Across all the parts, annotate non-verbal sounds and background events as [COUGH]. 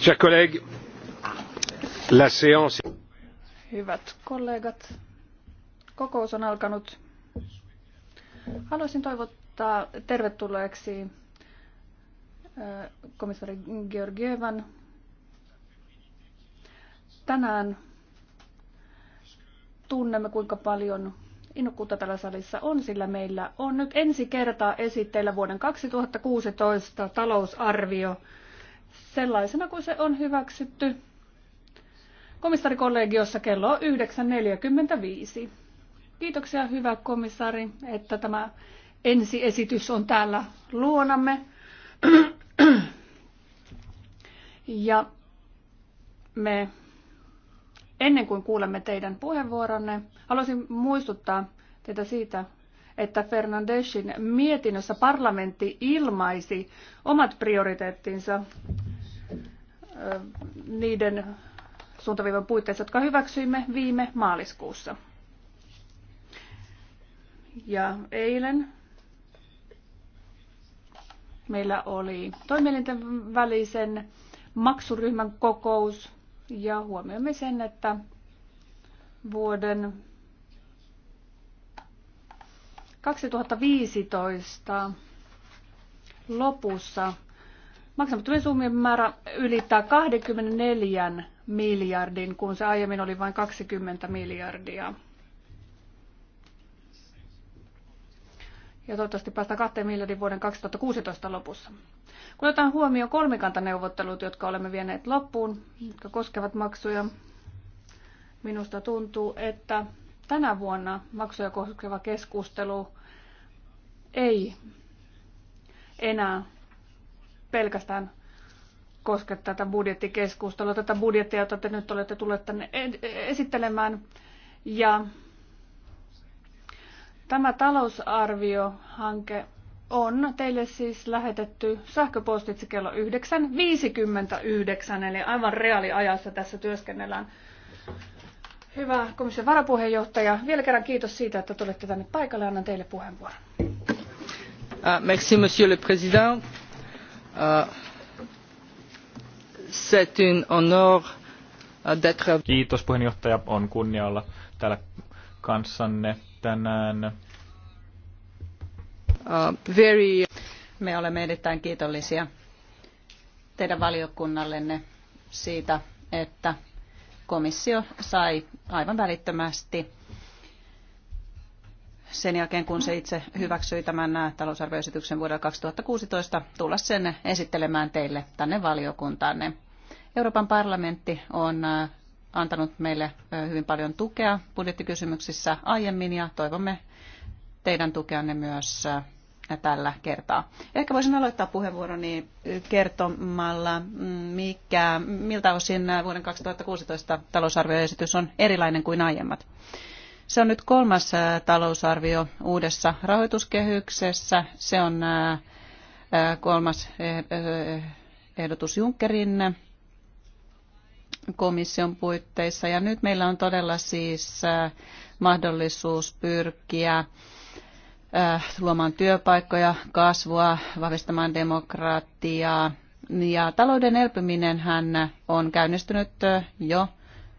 Chers collègues, la séance... Hyvät kollegat, kokous on alkanut. Haluaisin toivottaa tervetulleeksi äh, komissaari Georgievan. Tänään tunnemme, kuinka paljon innokkuutta täällä salissa on, sillä meillä on nyt ensi kertaa esitteillä vuoden 2016 talousarvio sellaisena kuin se on hyväksytty komissarikollegiossa kello 9.45. Kiitoksia hyvä komissaari, että tämä ensi esitys on täällä luonamme. ja me Ennen kuin kuulemme teidän puheenvuoronne, haluaisin muistuttaa teitä siitä, että Fernandesin mietinnössä parlamentti ilmaisi omat prioriteettinsa niiden suuntaviivan puitteissa, jotka hyväksyimme viime maaliskuussa. Ja eilen meillä oli toimielinten välisen maksuryhmän kokous ja huomioimme sen, että vuoden 2015 lopussa maksamattomien summien määrä ylittää 24 miljardin, kun se aiemmin oli vain 20 miljardia. ja toivottavasti päästään kahteen miljardin vuoden 2016 lopussa. Kun otetaan huomioon kolmikantaneuvottelut, jotka olemme vieneet loppuun, jotka koskevat maksuja, minusta tuntuu, että tänä vuonna maksuja koskeva keskustelu ei enää pelkästään koske tätä budjettikeskustelua, tätä budjettia, jota te nyt olette tulleet tänne e- e- esittelemään. Ja Tämä talousarviohanke on teille siis lähetetty sähköpostitse kello 9.59, eli aivan reaaliajassa tässä työskennellään. Hyvä komission varapuheenjohtaja, vielä kerran kiitos siitä, että tulette tänne paikalle. Annan teille puheenvuoron. Ah, merci, monsieur le président. Ah, c'est un honneur ah, d'être... Kiitos puheenjohtaja, on kunnia olla täällä kanssanne tänään. Uh, very... Me olemme erittäin kiitollisia teidän valiokunnallenne siitä, että komissio sai aivan välittömästi sen jälkeen, kun se itse hyväksyi tämän talousarvioesityksen vuodelle 2016, tulla sen esittelemään teille tänne valiokuntaanne. Euroopan parlamentti on antanut meille hyvin paljon tukea budjettikysymyksissä aiemmin ja toivomme teidän tukeanne myös tällä kertaa. Ehkä voisin aloittaa puheenvuoroni kertomalla, mm, mikä, miltä osin vuoden 2016 talousarvioesitys on erilainen kuin aiemmat. Se on nyt kolmas talousarvio uudessa rahoituskehyksessä. Se on kolmas e, ehdotus Junckerin komission puitteissa. Ja nyt meillä on todella siis äh, mahdollisuus pyrkiä äh, luomaan työpaikkoja, kasvua, vahvistamaan demokratiaa. Ja talouden elpyminen on käynnistynyt äh, jo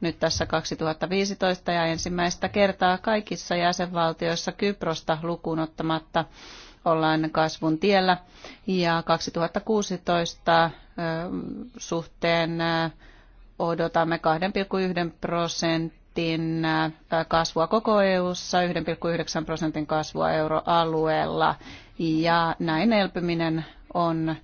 nyt tässä 2015 ja ensimmäistä kertaa kaikissa jäsenvaltioissa Kyprosta lukuun ottamatta ollaan kasvun tiellä. Ja 2016 suhteen odotamme 2,1 prosentin kasvua koko EU-ssa, 1,9 prosentin kasvua euroalueella ja näin elpyminen on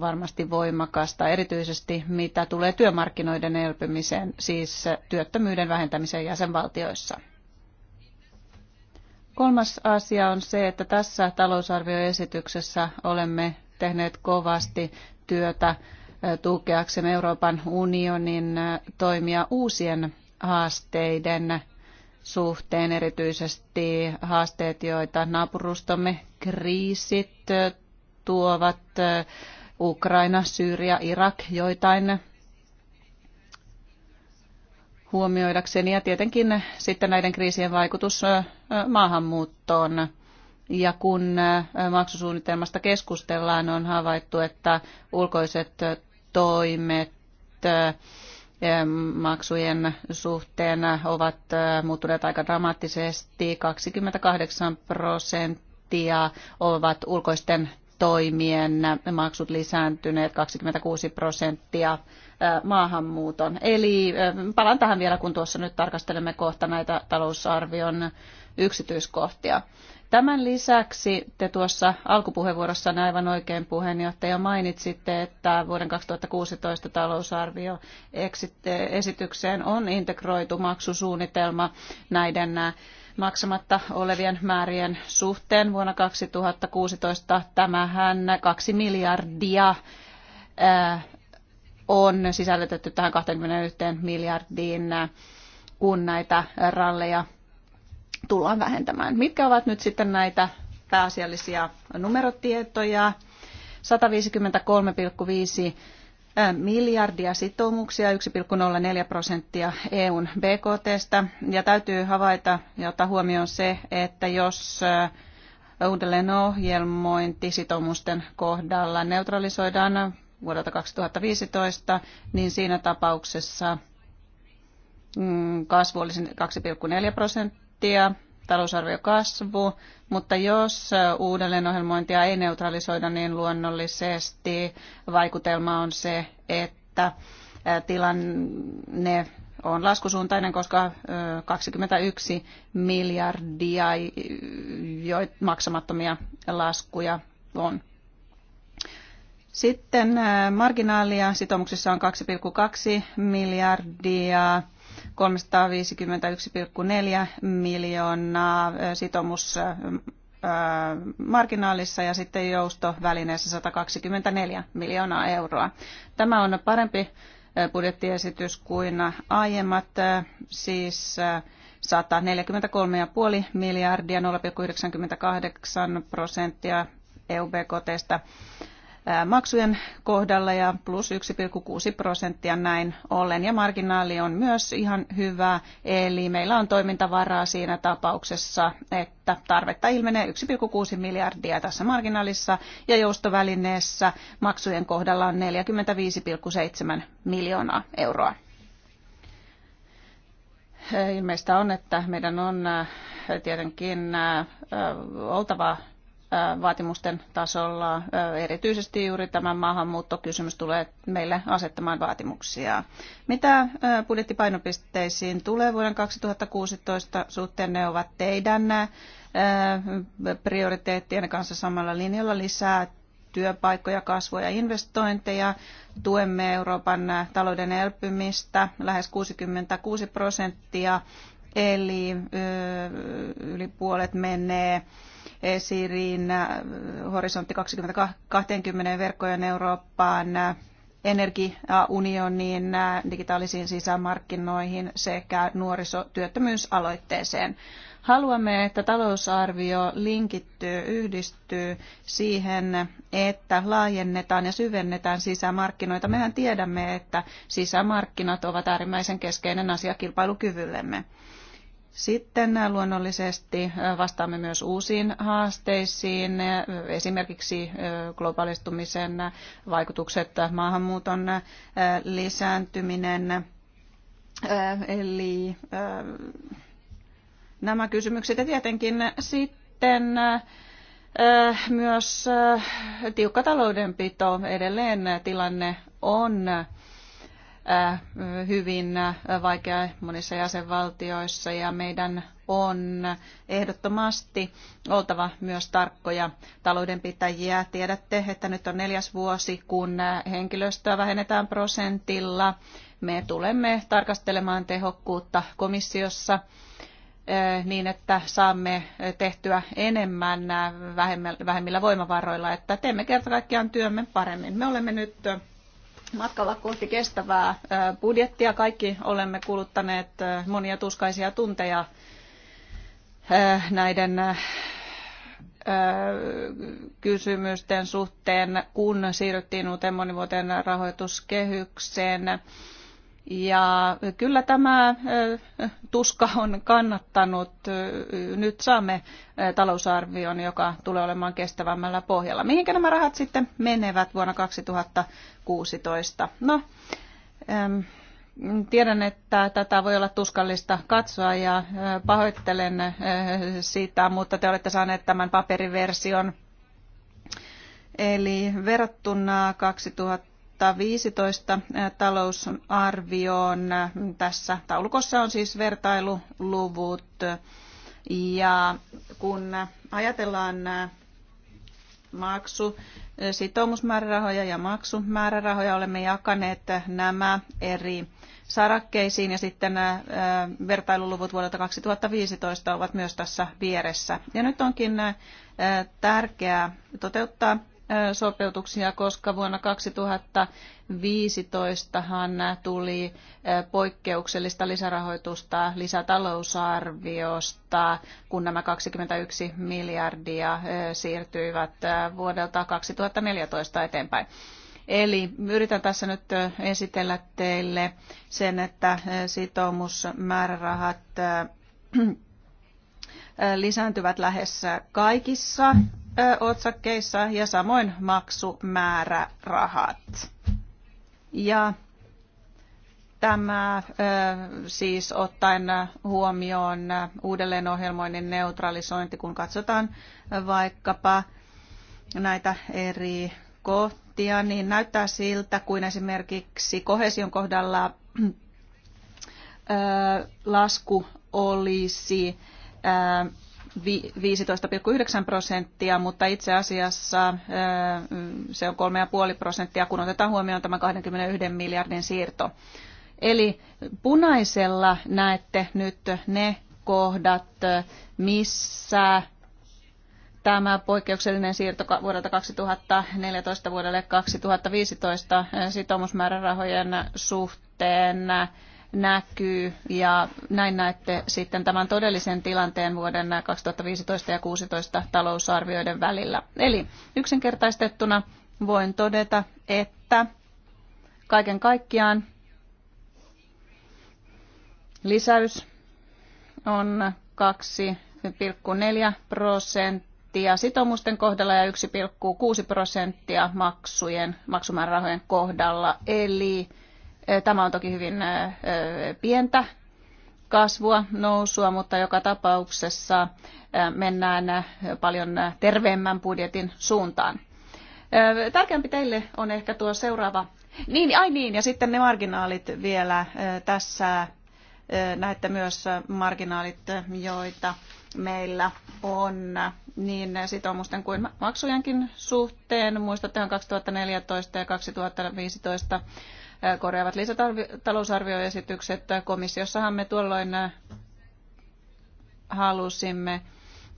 varmasti voimakasta, erityisesti mitä tulee työmarkkinoiden elpymiseen, siis työttömyyden vähentämiseen jäsenvaltioissa. Kolmas asia on se, että tässä talousarvioesityksessä olemme tehneet kovasti työtä tukeaksemme Euroopan unionin toimia uusien haasteiden suhteen, erityisesti haasteet, joita naapurustomme kriisit tuovat, Ukraina, Syyria, Irak, joitain huomioidakseni ja tietenkin sitten näiden kriisien vaikutus maahanmuuttoon. Ja kun maksusuunnitelmasta keskustellaan, on havaittu, että ulkoiset toimet eh, maksujen suhteen ovat eh, muuttuneet aika dramaattisesti. 28 prosenttia ovat ulkoisten toimien maksut lisääntyneet 26 prosenttia eh, maahanmuuton. Eli palaan tähän vielä, kun tuossa nyt tarkastelemme kohta näitä talousarvion yksityiskohtia. Tämän lisäksi te tuossa alkupuheenvuorossa aivan oikein puheenjohtaja mainitsitte, että vuoden 2016 talousarvio esitykseen on integroitu maksusuunnitelma näiden äh, maksamatta olevien määrien suhteen vuonna 2016. Tämähän 2 miljardia äh, on sisällytetty tähän 21 miljardiin, äh, kun näitä ralleja tullaan vähentämään. Mitkä ovat nyt sitten näitä pääasiallisia numerotietoja? 153,5 miljardia sitoumuksia, 1,04 prosenttia EUn BKTstä. Ja täytyy havaita ja ottaa huomioon se, että jos uudelleenohjelmointi sitoumusten kohdalla neutralisoidaan vuodelta 2015, niin siinä tapauksessa mm, kasvu olisi 2,4 prosenttia prosenttia kasvu, mutta jos uh, uudelleenohjelmointia ei neutralisoida, niin luonnollisesti vaikutelma on se, että uh, tilanne on laskusuuntainen, koska 21 uh, miljardia maksamattomia laskuja on. Sitten marginaalia sitoumuksissa on 2,2 miljardia 351,4 miljoonaa sitomus marginaalissa ja sitten joustovälineessä 124 miljoonaa euroa. Tämä on parempi budjettiesitys kuin aiemmat, siis 143,5 miljardia, 0,98 prosenttia eu maksujen kohdalla ja plus 1,6 prosenttia näin ollen. Ja marginaali on myös ihan hyvä, eli meillä on toimintavaraa siinä tapauksessa, että tarvetta ilmenee 1,6 miljardia tässä marginaalissa ja joustovälineessä maksujen kohdalla on 45,7 miljoonaa euroa. Ilmeistä on, että meidän on tietenkin oltava vaatimusten tasolla. Erityisesti juuri tämä maahanmuuttokysymys tulee meille asettamaan vaatimuksia. Mitä budjettipainopisteisiin tulee vuoden 2016 suhteen? Ne ovat teidän prioriteettien kanssa samalla linjalla lisää työpaikkoja, kasvua ja investointeja. Tuemme Euroopan talouden elpymistä lähes 66 prosenttia, eli yli puolet menee esiriin, äh, horisontti 2020 verkkojen Eurooppaan, äh, energiaunioniin, äh, digitaalisiin sisämarkkinoihin sekä nuorisotyöttömyysaloitteeseen. Haluamme, että talousarvio linkittyy, yhdistyy siihen, että laajennetaan ja syvennetään sisämarkkinoita. Mehän tiedämme, että sisämarkkinat ovat äärimmäisen keskeinen asia kilpailukyvyllemme. Sitten äh, luonnollisesti äh, vastaamme myös uusiin haasteisiin, äh, esimerkiksi globaalistumisen vaikutukset, maahanmuuton lisääntyminen. Eli nämä kysymykset ja tietenkin sitten myös tiukka taloudenpito. Edelleen tilanne on Äh, hyvin äh, vaikea monissa jäsenvaltioissa ja meidän on ehdottomasti oltava myös tarkkoja taloudenpitäjiä. Tiedätte, että nyt on neljäs vuosi, kun äh, henkilöstöä vähennetään prosentilla. Me tulemme tarkastelemaan tehokkuutta komissiossa niin, että saamme tehtyä enemmän vähemmillä voimavaroilla, että teemme kerta kaikkiaan työmme paremmin. Me olemme nyt matkalla kohti kestävää budjettia. Kaikki olemme kuluttaneet monia tuskaisia tunteja näiden kysymysten suhteen, kun siirryttiin uuteen monivuoteen rahoituskehykseen. Ja kyllä tämä tuska on kannattanut. Nyt saamme talousarvion, joka tulee olemaan kestävämmällä pohjalla. Mihinkä nämä rahat sitten menevät vuonna 2016? No, tiedän, että tätä voi olla tuskallista katsoa ja pahoittelen siitä, mutta te olette saaneet tämän paperiversion. Eli verrattuna 2000 2015 talousarvioon. Tässä taulukossa on siis vertailuluvut. Ja kun ajatellaan maksu, sitoumusmäärärahoja ja maksumäärärahoja, olemme jakaneet nämä eri sarakkeisiin ja sitten nämä vertailuluvut vuodelta 2015 ovat myös tässä vieressä. Ja nyt onkin tärkeää toteuttaa sopeutuksia, koska vuonna 2015 tuli poikkeuksellista lisärahoitusta lisätalousarviosta, kun nämä 21 miljardia siirtyivät vuodelta 2014 eteenpäin. Eli yritän tässä nyt esitellä teille sen, että sitoumusmäärärahat [CLEARS THROAT] lisääntyvät lähes kaikissa otsakkeissa ja samoin maksumäärärahat. Ja tämä siis ottaen huomioon uudelleenohjelmoinnin neutralisointi, kun katsotaan vaikkapa näitä eri kohtia, niin näyttää siltä, kuin esimerkiksi kohesion kohdalla lasku olisi 15,9 prosenttia, mutta itse asiassa se on 3,5 prosenttia, kun otetaan huomioon tämä 21 miljardin siirto. Eli punaisella näette nyt ne kohdat, missä tämä poikkeuksellinen siirto vuodelta 2014 vuodelle 2015 sitoumusmäärärahojen suhteen näkyy ja näin näette sitten tämän todellisen tilanteen vuoden 2015 ja 2016 talousarvioiden välillä. Eli yksinkertaistettuna voin todeta, että kaiken kaikkiaan lisäys on 2,4 prosenttia sitoumusten kohdalla ja 1,6 prosenttia maksujen, maksumäärärahojen kohdalla. Eli Tämä on toki hyvin pientä kasvua, nousua, mutta joka tapauksessa mennään paljon terveemmän budjetin suuntaan. Tärkeämpi teille on ehkä tuo seuraava. Niin, ai niin, ja sitten ne marginaalit vielä tässä. Näette myös marginaalit, joita meillä on niin sitoumusten kuin maksujenkin suhteen. Muistattehan 2014 ja 2015 korjaavat lisätalousarvioesitykset. Komissiossahan me tuolloin halusimme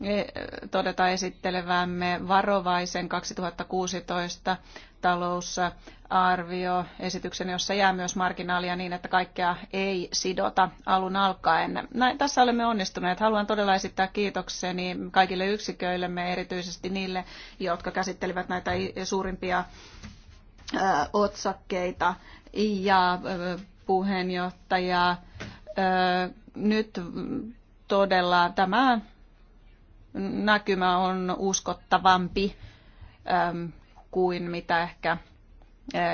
e, todeta esittelevämme varovaisen 2016 talousarvio esityksen, jossa jää myös marginaalia niin, että kaikkea ei sidota alun alkaen. Näin, tässä olemme onnistuneet. Haluan todella esittää kiitokseni kaikille yksiköillemme, erityisesti niille, jotka käsittelivät näitä suurimpia otsakkeita ja puheenjohtajaa Nyt todella tämä näkymä on uskottavampi kuin mitä ehkä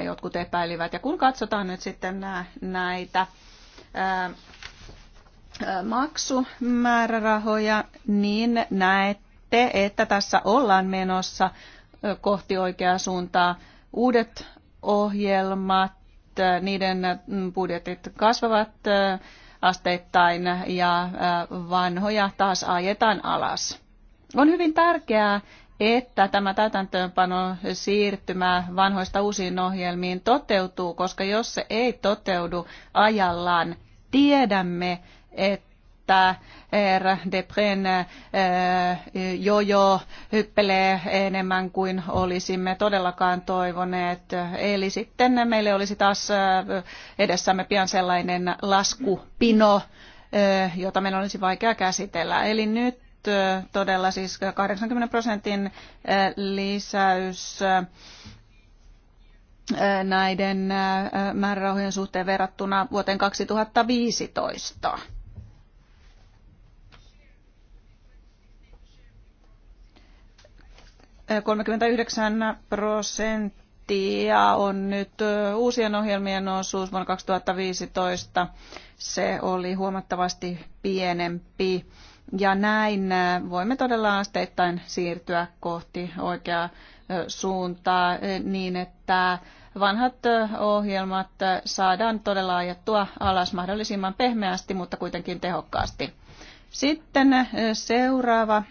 jotkut epäilivät. Ja kun katsotaan nyt sitten näitä maksumäärärahoja, niin näette, että tässä ollaan menossa kohti oikeaa suuntaa Uudet ohjelmat, niiden budjetit kasvavat asteittain ja vanhoja taas ajetaan alas. On hyvin tärkeää, että tämä täytäntöönpano siirtymä vanhoista uusiin ohjelmiin toteutuu, koska jos se ei toteudu ajallaan, tiedämme, että että eh, herra Depren eh, eh, jojo hyppelee enemmän kuin olisimme todellakaan toivoneet. Eli sitten meille olisi taas edessämme pian sellainen laskupino, jota meillä olisi vaikea käsitellä. Eli nyt todella siis 80 prosentin lisäys näiden määrärahojen suhteen verrattuna vuoteen 2015. 39 prosenttia on nyt uusien ohjelmien osuus vuonna 2015. Se oli huomattavasti pienempi. Ja näin voimme todella asteittain siirtyä kohti oikeaa suuntaa niin, että vanhat ohjelmat saadaan todella ajettua alas mahdollisimman pehmeästi, mutta kuitenkin tehokkaasti. Sitten seuraava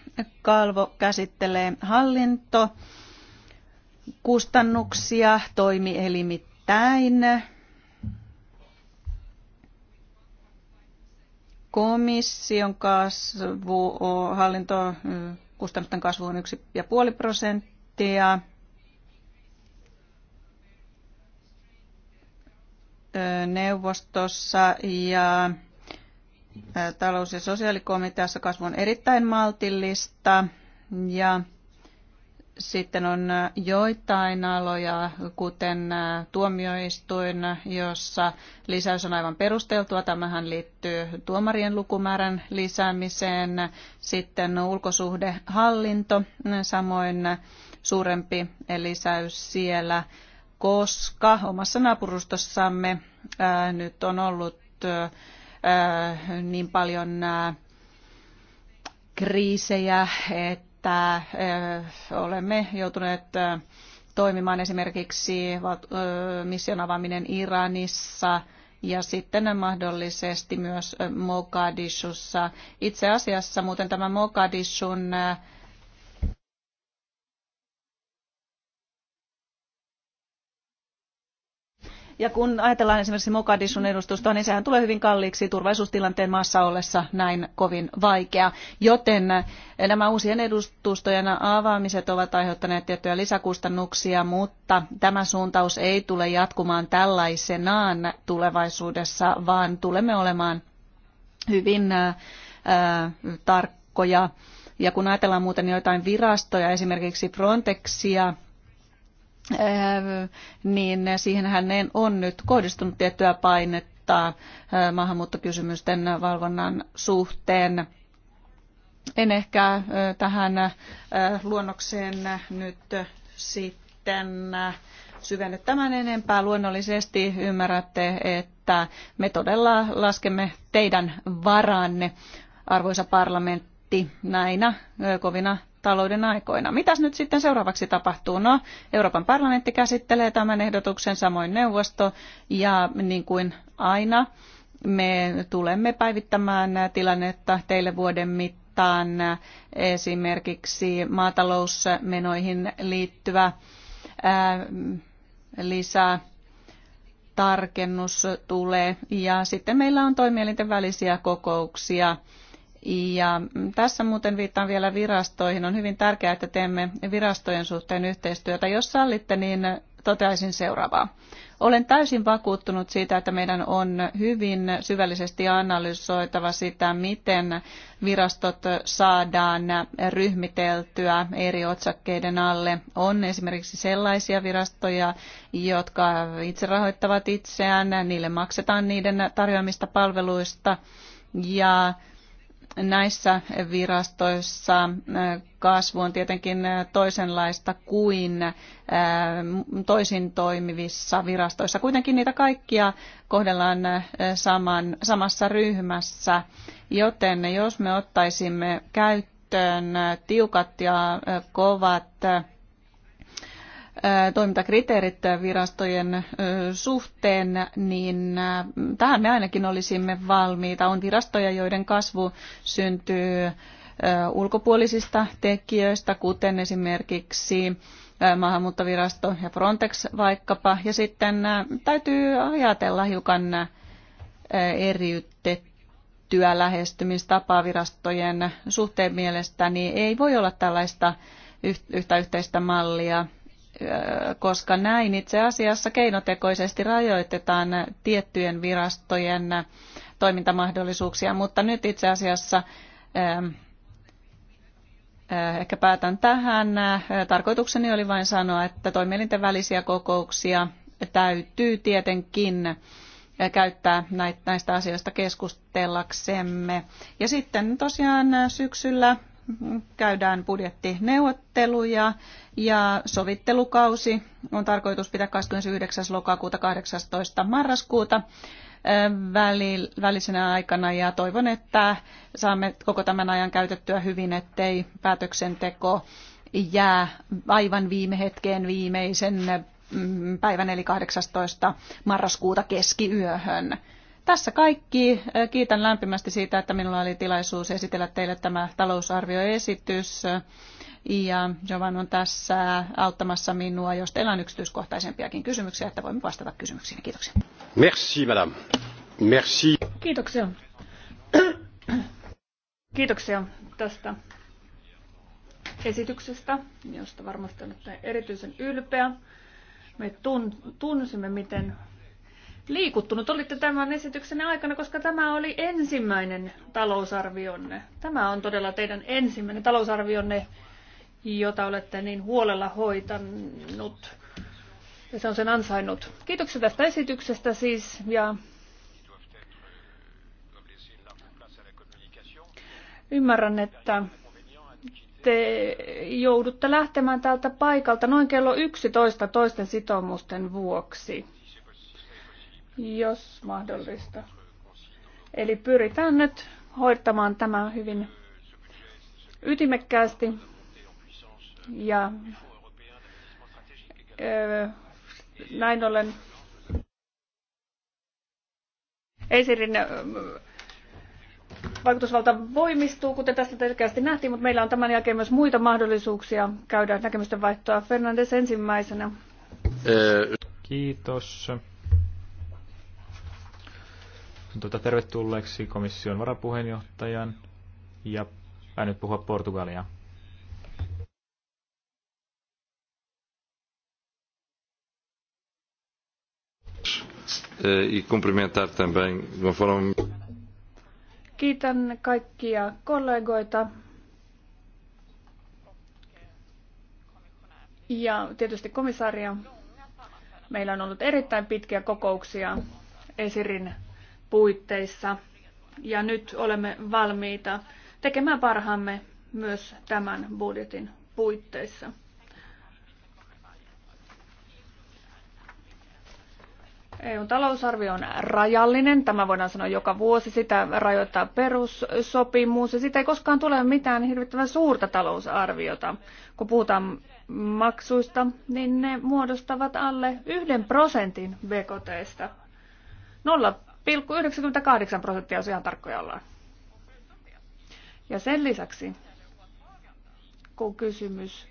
kalvo käsittelee hallinto kustannuksia toimielimittäin. Komission kasvu, hallinto kustannusten kasvu on 1,5 prosenttia. Neuvostossa ja talous- ja sosiaalikomiteassa kasvu on erittäin maltillista ja sitten on joitain aloja, kuten tuomioistuin, jossa lisäys on aivan perusteltua. Tämähän liittyy tuomarien lukumäärän lisäämiseen. Sitten ulkosuhdehallinto, samoin suurempi lisäys siellä, koska omassa naapurustossamme nyt on ollut niin paljon kriisejä, että olemme joutuneet toimimaan esimerkiksi mission avaaminen Iranissa ja sitten mahdollisesti myös Mogadishussa. Itse asiassa muuten tämä Mogadishun Ja kun ajatellaan esimerkiksi Mogadishun edustusta, niin sehän tulee hyvin kalliiksi turvallisuustilanteen maassa ollessa näin kovin vaikea. Joten eh, nämä uusien edustustojen avaamiset ovat aiheuttaneet tiettyjä lisäkustannuksia, mutta tämä suuntaus ei tule jatkumaan tällaisenaan tulevaisuudessa, vaan tulemme olemaan hyvin äh, tarkkoja. Ja kun ajatellaan muuten joitain virastoja, esimerkiksi Frontexia, Äh, niin siihenhän on nyt kohdistunut tiettyä painetta äh, maahanmuuttokysymysten valvonnan suhteen. En ehkä äh, tähän luonnokseen nyt sitten syvennyt tämän enempää. Luonnollisesti ymmärrätte, että me todella laskemme teidän varanne, arvoisa parlamentti, näinä kovina talouden aikoina. Mitäs nyt sitten seuraavaksi tapahtuu? No, Euroopan parlamentti käsittelee tämän ehdotuksen, samoin neuvosto, ja niin kuin aina, me tulemme päivittämään tilannetta teille vuoden mittaan esimerkiksi maatalousmenoihin liittyvä ää, lisää tarkennus tulee. Ja sitten meillä on toimielinten välisiä kokouksia ja tässä muuten viittaan vielä virastoihin. On hyvin tärkeää, että teemme virastojen suhteen yhteistyötä. Jos sallitte, niin toteaisin seuraavaa. Olen täysin vakuuttunut siitä, että meidän on hyvin syvällisesti analysoitava sitä, miten virastot saadaan ryhmiteltyä eri otsakkeiden alle. On esimerkiksi sellaisia virastoja, jotka itse rahoittavat itseään, niille maksetaan niiden tarjoamista palveluista ja näissä virastoissa äh, kasvu on tietenkin äh, toisenlaista kuin äh, toisin toimivissa virastoissa. Kuitenkin niitä kaikkia kohdellaan saman, samassa ryhmässä, joten jos me ottaisimme käyttöön tiukat ja kovat toimintakriteerit virastojen suhteen, niin tähän me ainakin olisimme valmiita. On virastoja, joiden kasvu syntyy ulkopuolisista tekijöistä, kuten esimerkiksi maahanmuuttovirasto ja Frontex vaikkapa. Ja sitten täytyy ajatella hiukan eriytettyä lähestymistapaa virastojen suhteen mielestäni. ei voi olla tällaista yhtä yhteistä mallia koska näin itse asiassa keinotekoisesti rajoitetaan tiettyjen virastojen toimintamahdollisuuksia, mutta nyt itse asiassa ähm, äh, ehkä päätän tähän. Äh, tarkoitukseni oli vain sanoa, että toimielinten välisiä kokouksia täytyy tietenkin äh, käyttää näistä asioista keskustellaksemme. Ja sitten tosiaan syksyllä käydään budjettineuvotteluja ja sovittelukausi on tarkoitus pitää 29. lokakuuta 18. marraskuuta eh, välisenä aikana ja toivon, että saamme koko tämän ajan käytettyä hyvin, ettei päätöksenteko jää aivan viime hetkeen viimeisen mm, päivän eli 18. marraskuuta keskiyöhön. Tässä kaikki. Kiitän lämpimästi siitä, että minulla oli tilaisuus esitellä teille tämä talousarvioesitys. Ja Jovan on tässä auttamassa minua, jos teillä on yksityiskohtaisempiakin kysymyksiä, että voimme vastata kysymyksiin. Kiitoksia. Merci, madame. Merci. Kiitoksia. Kiitoksia tästä esityksestä, josta varmasti olette erityisen ylpeä. Me tunsimme, miten liikuttunut olitte tämän esityksen aikana, koska tämä oli ensimmäinen talousarvionne. Tämä on todella teidän ensimmäinen talousarvionne, jota olette niin huolella hoitanut. Ja se on sen ansainnut. Kiitoksia tästä esityksestä siis ja ymmärrän, että te joudutte lähtemään täältä paikalta noin kello 11 toisten sitoumusten vuoksi jos mahdollista. Eli pyritään nyt hoitamaan tämä hyvin ytimekkäästi ja näin ollen Esirin vaikutusvalta voimistuu, kuten tästä selkeästi nähtiin, mutta meillä on tämän jälkeen myös muita mahdollisuuksia käydä näkemysten vaihtoa. Fernandes ensimmäisenä. Kiitos tuota tervetulleeksi komission varapuheenjohtajan ja hän nyt puhua Portugalia. Eh, e Kiitän kaikkia kollegoita ja tietysti komissaaria. Meillä on ollut erittäin pitkiä kokouksia Esirin puitteissa ja nyt olemme valmiita tekemään parhaamme myös tämän budjetin puitteissa. EUn talousarvio on rajallinen, tämä voidaan sanoa joka vuosi, sitä rajoittaa perussopimus ja siitä ei koskaan tule mitään hirvittävän suurta talousarviota. Kun puhutaan maksuista, niin ne muodostavat alle yhden prosentin BKTstä. Nolla 0,98 prosenttia, jos ihan tarkkoja ollaan. Ja sen lisäksi, kun kysymys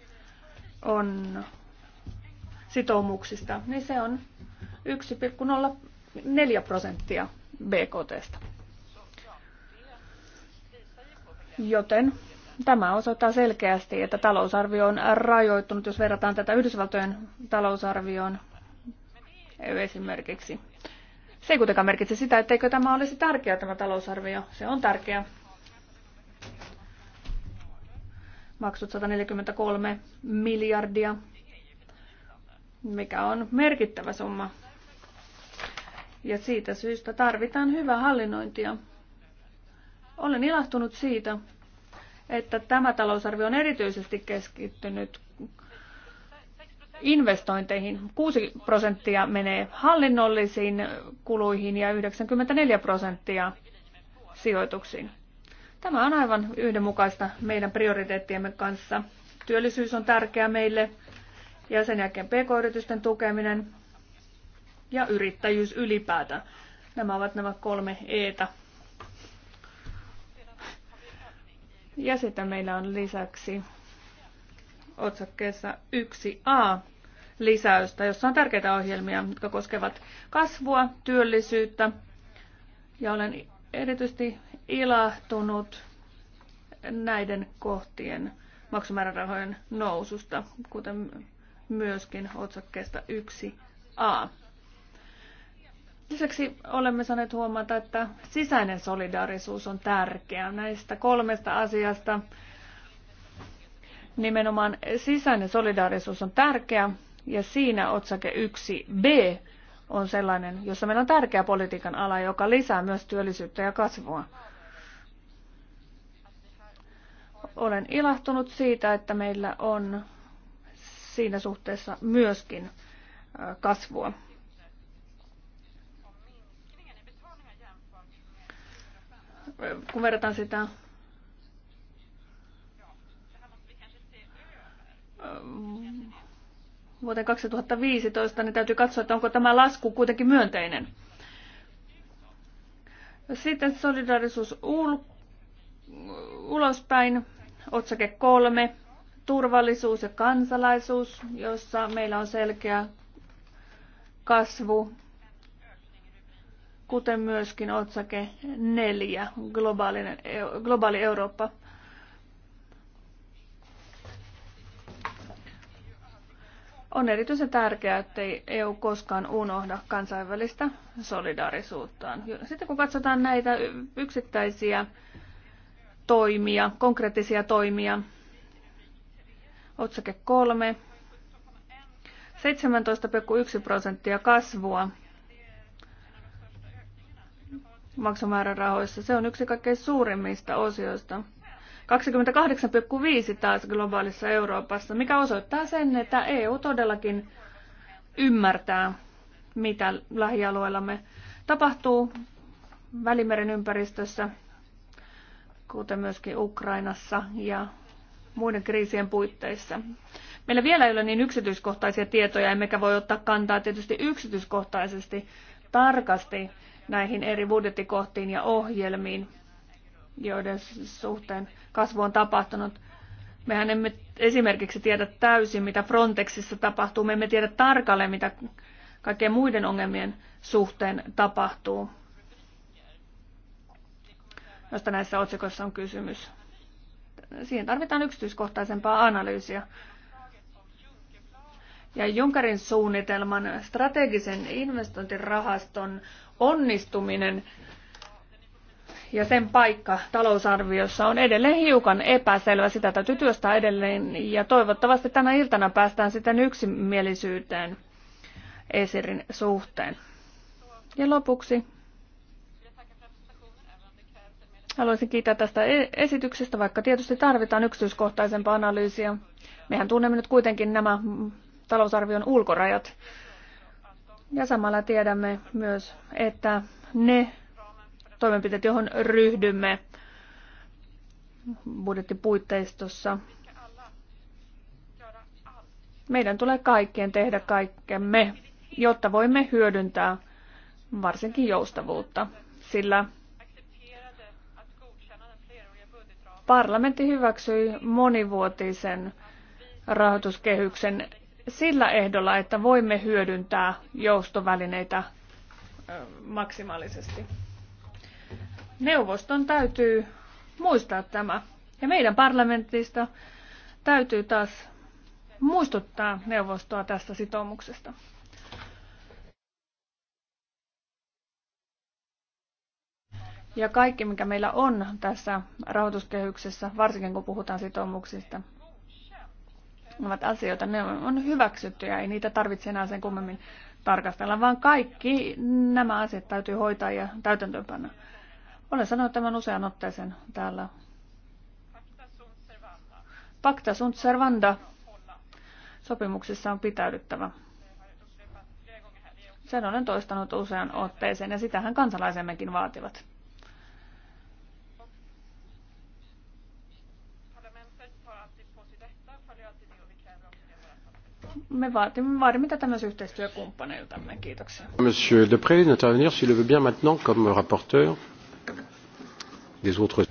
on sitoumuksista, niin se on 1,04 prosenttia BKTstä. Joten tämä osoittaa selkeästi, että talousarvio on rajoittunut, jos verrataan tätä Yhdysvaltojen talousarvioon esimerkiksi. Se ei kuitenkaan merkitse sitä, etteikö tämä olisi tärkeä tämä talousarvio. Se on tärkeä. Maksut 143 miljardia, mikä on merkittävä summa. Ja siitä syystä tarvitaan hyvää hallinnointia. Olen ilahtunut siitä, että tämä talousarvio on erityisesti keskittynyt investointeihin. 6 prosenttia menee hallinnollisiin kuluihin ja 94 prosenttia sijoituksiin. Tämä on aivan yhdenmukaista meidän prioriteettiemme kanssa. Työllisyys on tärkeä meille ja sen jälkeen pk-yritysten tukeminen ja yrittäjyys ylipäätään. Nämä ovat nämä kolme eetä. Ja sitten meillä on lisäksi otsakkeessa 1a lisäystä, jossa on tärkeitä ohjelmia, jotka koskevat kasvua, työllisyyttä. Ja olen erityisesti ilahtunut näiden kohtien maksumäärärahojen noususta, kuten myöskin otsakkeesta 1a. Lisäksi olemme saaneet huomata, että sisäinen solidaarisuus on tärkeä. Näistä kolmesta asiasta nimenomaan sisäinen solidaarisuus on tärkeä ja siinä otsake 1b on sellainen, jossa meillä on tärkeä politiikan ala, joka lisää myös työllisyyttä ja kasvua. Olen ilahtunut siitä, että meillä on siinä suhteessa myöskin kasvua. Kun verrataan sitä vuoteen 2015, niin täytyy katsoa, että onko tämä lasku kuitenkin myönteinen. Sitten solidaarisuus ul- ulospäin, otsake kolme, turvallisuus ja kansalaisuus, jossa meillä on selkeä kasvu, kuten myöskin otsake neljä, globaali Eurooppa. On erityisen tärkeää, että EU e koskaan unohda kansainvälistä solidaarisuuttaan. Sitten kun katsotaan näitä yksittäisiä toimia, konkreettisia toimia, otsake kolme, 17,1 prosenttia kasvua maksumäärärahoissa. Se on yksi kaikkein suurimmista osioista. 28,5 taas globaalissa Euroopassa, mikä osoittaa sen, että EU todellakin ymmärtää, mitä lähialueillamme tapahtuu Välimeren ympäristössä, kuten myöskin Ukrainassa ja muiden kriisien puitteissa. Meillä vielä ei ole niin yksityiskohtaisia tietoja, emmekä voi ottaa kantaa tietysti yksityiskohtaisesti tarkasti näihin eri budjettikohtiin ja ohjelmiin joiden suhteen kasvu on tapahtunut. Mehän emme esimerkiksi tiedä täysin, mitä Frontexissa tapahtuu. Me emme tiedä tarkalleen, mitä kaikkien muiden ongelmien suhteen tapahtuu, josta näissä otsikoissa on kysymys. Siihen tarvitaan yksityiskohtaisempaa analyysiä. Ja Junkarin suunnitelman strategisen investointirahaston onnistuminen ja sen paikka talousarviossa on edelleen hiukan epäselvä. Sitä täytyy työstää edelleen ja toivottavasti tänä iltana päästään sitten yksimielisyyteen esirin suhteen. Ja lopuksi haluaisin kiittää tästä e- esityksestä, vaikka tietysti tarvitaan yksityiskohtaisempaa analyysiä. Mehän tunnemme nyt kuitenkin nämä talousarvion ulkorajat. Ja samalla tiedämme myös, että ne toimenpiteet, johon ryhdymme budjettipuitteistossa. Meidän tulee kaikkien tehdä kaikkemme, jotta voimme hyödyntää varsinkin joustavuutta, sillä parlamentti hyväksyi monivuotisen rahoituskehyksen sillä ehdolla, että voimme hyödyntää joustovälineitä maksimaalisesti. Neuvoston täytyy muistaa tämä. Ja meidän parlamentista täytyy taas muistuttaa neuvostoa tästä sitoumuksesta. Ja kaikki, mikä meillä on tässä rahoituskehyksessä, varsinkin kun puhutaan sitoumuksista, ovat asioita, ne on hyväksytty ja ei niitä tarvitse enää sen kummemmin tarkastella, vaan kaikki nämä asiat täytyy hoitaa ja täytäntöönpanna. Olen sanonut tämän usean otteeseen täällä. Pakta sunt servanda. Sopimuksissa on pitäydyttävä. Sen olen toistanut usean otteeseen ja sitähän kansalaisemmekin vaativat. me vaadimme, vaadimme tätä myös yhteistyökumppaneiltamme. Kiitoksia. Monsieur Depré intervenir s'il le veut bien maintenant, comme rapporteur des autres...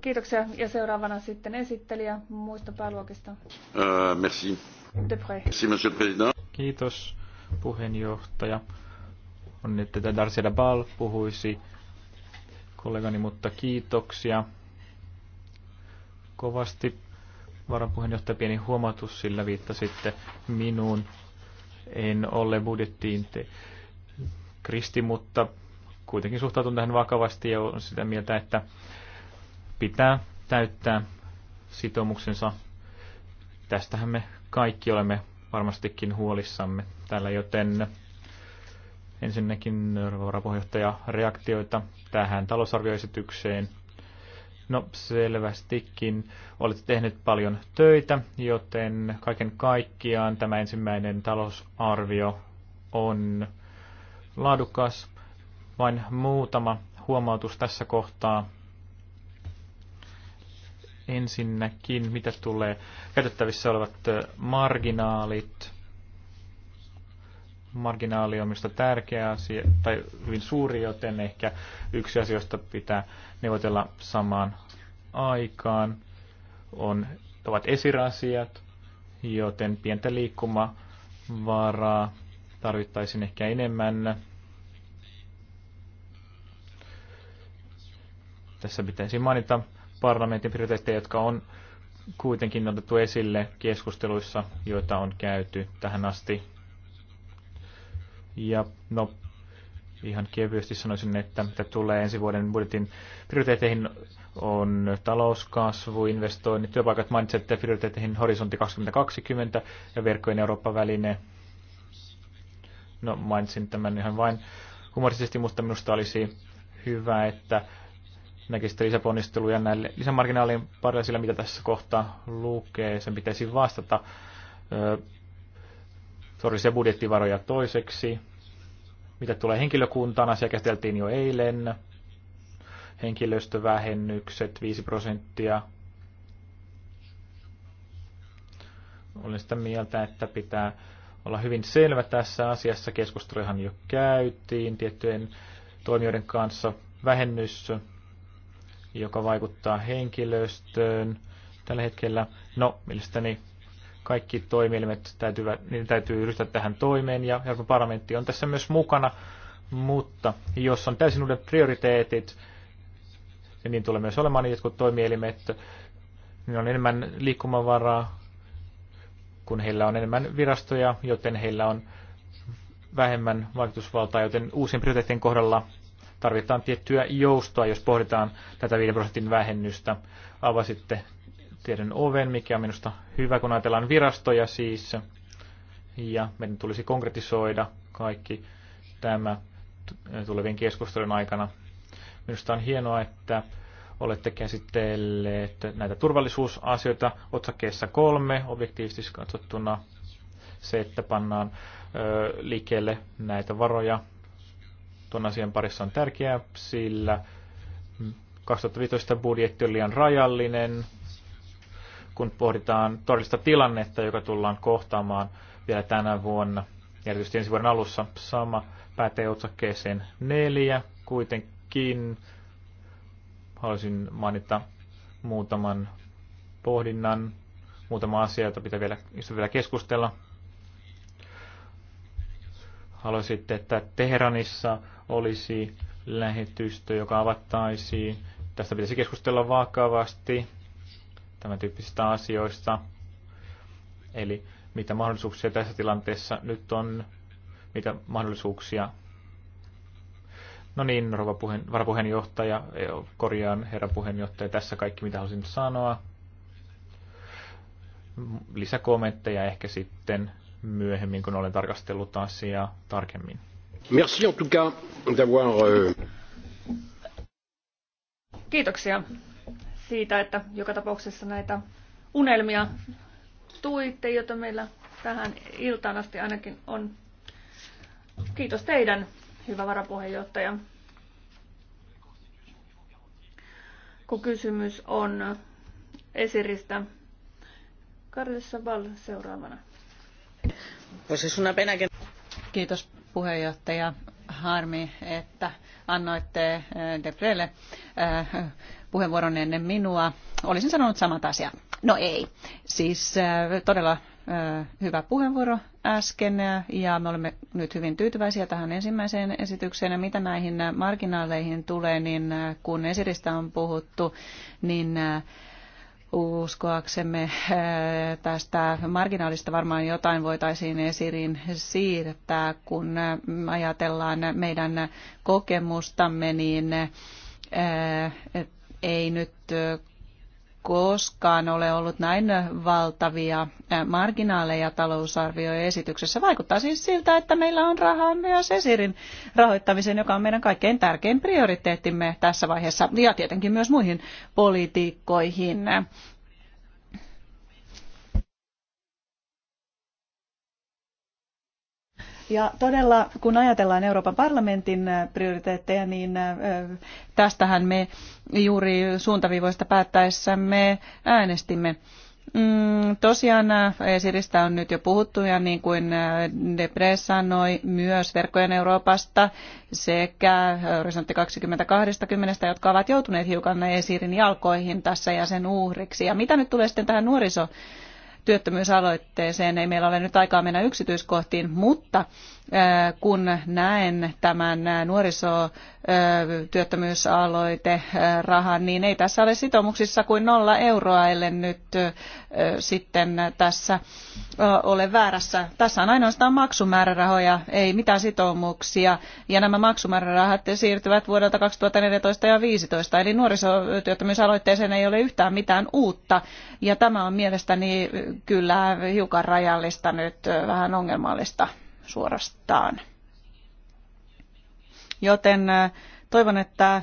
Kiitoksia. Ja seuraavana sitten esittelijä muista pääluokista. Uh, merci. Depre. Merci, monsieur le président. Kiitos, puheenjohtaja. On, nyt että Darcy Bal puhuisi kollegani, mutta kiitoksia kovasti. Varapuheenjohtaja pieni huomautus, sillä viittasitte minuun. En ole budjettiin te kristi, mutta kuitenkin suhtautun tähän vakavasti ja olen sitä mieltä, että pitää täyttää sitoumuksensa. Tästähän me kaikki olemme varmastikin huolissamme tällä, joten ensinnäkin varapuheenjohtaja reaktioita tähän talousarvioesitykseen. No selvästikin olette tehnyt paljon töitä, joten kaiken kaikkiaan tämä ensimmäinen talousarvio on laadukas. Vain muutama huomautus tässä kohtaa. Ensinnäkin, mitä tulee käytettävissä olevat marginaalit. Marginaali on minusta tärkeä asia, tai hyvin suuri, joten ehkä yksi asioista pitää neuvotella samaan aikaan. On, ovat esirasiat, joten pientä liikkumavaraa tarvittaisiin ehkä enemmän. Tässä pitäisi mainita parlamentin prioriteetteja, jotka on kuitenkin otettu esille keskusteluissa, joita on käyty tähän asti. Ja no, ihan kevyesti sanoisin, että mitä tulee ensi vuoden budjetin prioriteetteihin on talouskasvu, investoinnit, työpaikat mainitsette prioriteetteihin horisontti 2020 ja verkkojen Eurooppa-väline. No mainitsin tämän ihan vain humorisesti, mutta minusta olisi hyvä, että Siinäkin sitten lisäponnisteluja näille lisämarginaalien parilla sillä, mitä tässä kohtaa lukee. Sen pitäisi vastata se budjettivaroja toiseksi. Mitä tulee henkilökuntaan, asia käsiteltiin jo eilen. Henkilöstövähennykset 5 prosenttia. Olen sitä mieltä, että pitää olla hyvin selvä tässä asiassa. Keskusteluhan jo käytiin tiettyjen toimijoiden kanssa. Vähennys joka vaikuttaa henkilöstöön tällä hetkellä. No, mielestäni kaikki toimielimet täytyy, niin täytyy ryhtyä tähän toimeen ja Euroopan parlamentti on tässä myös mukana, mutta jos on täysin uudet prioriteetit, niin tulee myös olemaan niitä, jotkut toimielimet, niin on enemmän liikkumavaraa, kun heillä on enemmän virastoja, joten heillä on vähemmän vaikutusvaltaa, joten uusien prioriteettien kohdalla tarvitaan tiettyä joustoa, jos pohditaan tätä 5 prosentin vähennystä. Avasitte tiedon oven, mikä on minusta hyvä, kun ajatellaan virastoja siis. Ja meidän tulisi konkretisoida kaikki tämä tulevien keskustelun aikana. Minusta on hienoa, että olette käsitelleet näitä turvallisuusasioita otsakkeessa kolme objektiivisesti katsottuna se, että pannaan liikkeelle näitä varoja tuon asian parissa on tärkeää, sillä 2015 budjetti on liian rajallinen, kun pohditaan todellista tilannetta, joka tullaan kohtaamaan vielä tänä vuonna. Ja erityisesti ensi vuoden alussa sama pätee otsakkeeseen neljä. Kuitenkin haluaisin mainita muutaman pohdinnan, muutama asia, jota pitää vielä, josta vielä keskustella. Haluaisitte, että Teheranissa olisi lähetystö, joka avattaisiin. Tästä pitäisi keskustella vakavasti tämän tyyppisistä asioista. Eli mitä mahdollisuuksia tässä tilanteessa nyt on, mitä mahdollisuuksia. No niin, rouva puheen, varapuheenjohtaja, e, korjaan herra puheenjohtaja, tässä kaikki mitä haluaisin sanoa. Lisäkommentteja ehkä sitten myöhemmin, kun olen tarkastellut asiaa tarkemmin. Merci en tout cas d'avoir... Euh, Kiitoksia siitä, että joka tapauksessa näitä unelmia tuitte, joita meillä tähän iltaan asti ainakin on. Kiitos teidän, hyvä varapuheenjohtaja. Kun kysymys on esiristä, Karlissa Val seuraavana. Kiitos puheenjohtaja. Harmi, että annoitte Debrelle äh, äh, puheenvuoron ennen minua. Olisin sanonut samat asiat. No ei. Siis äh, todella hyvä puheenvuoro äsken ja me olemme nyt hyvin tyytyväisiä tähän ensimmäiseen esitykseen. Ja mitä näihin marginaaleihin tulee, niin kun esiristä on puhuttu, niin uskoaksemme eh, tästä marginaalista varmaan jotain voitaisiin esirin siirtää, kun eh, ajatellaan meidän kokemustamme, niin eh, ei nyt koskaan ole ollut näin valtavia marginaaleja talousarvioesityksessä. Vaikuttaa siis siltä, että meillä on rahaa myös esirin rahoittamiseen, joka on meidän kaikkein tärkein prioriteettimme tässä vaiheessa ja tietenkin myös muihin politiikkoihin. Ja todella, kun ajatellaan Euroopan parlamentin äh, prioriteetteja, niin äh, tästähän me juuri suuntaviivoista päättäessämme äänestimme. Mm, tosiaan äh, Esiristä on nyt jo puhuttu ja niin kuin Depre sanoi myös verkkojen Euroopasta sekä Horisontti 2020, jotka ovat joutuneet hiukan Esirin jalkoihin tässä ja sen uhriksi. Ja mitä nyt tulee sitten tähän nuoriso- työttömyysaloitteeseen. Ei meillä ole nyt aikaa mennä yksityiskohtiin, mutta Äh, kun näen tämän nuorisotyöttömyysaloite äh, rahan, niin ei tässä ole sitoumuksissa kuin nolla euroa, ellei nyt äh, sitten tässä ole väärässä. Tässä on ainoastaan maksumäärärahoja, ei mitään sitoumuksia, ja nämä maksumäärärahat siirtyvät vuodelta 2014 ja 2015, eli nuorisotyöttömyysaloitteeseen ei ole yhtään mitään uutta, ja tämä on mielestäni kyllä hiukan rajallista nyt, vähän ongelmallista suorastaan. Joten toivon, että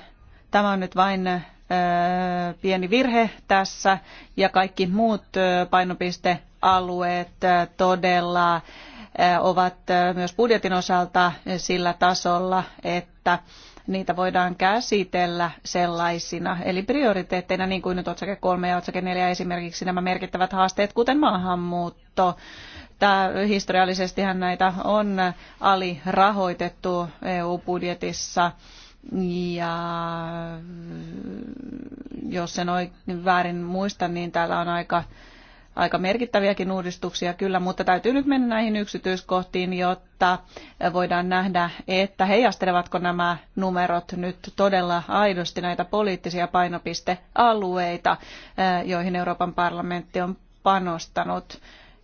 tämä on nyt vain pieni virhe tässä ja kaikki muut painopistealueet todella ovat myös budjetin osalta sillä tasolla, että niitä voidaan käsitellä sellaisina, eli prioriteetteina, niin kuin nyt otsake 3 ja otsake 4 esimerkiksi nämä merkittävät haasteet, kuten maahanmuutto. Tämä, historiallisestihan näitä on alirahoitettu EU-budjetissa. Ja jos en oikein väärin muista, niin täällä on aika aika merkittäviäkin uudistuksia kyllä, mutta täytyy nyt mennä näihin yksityiskohtiin, jotta voidaan nähdä, että heijastelevatko nämä numerot nyt todella aidosti näitä poliittisia painopistealueita, eh, joihin Euroopan parlamentti on panostanut.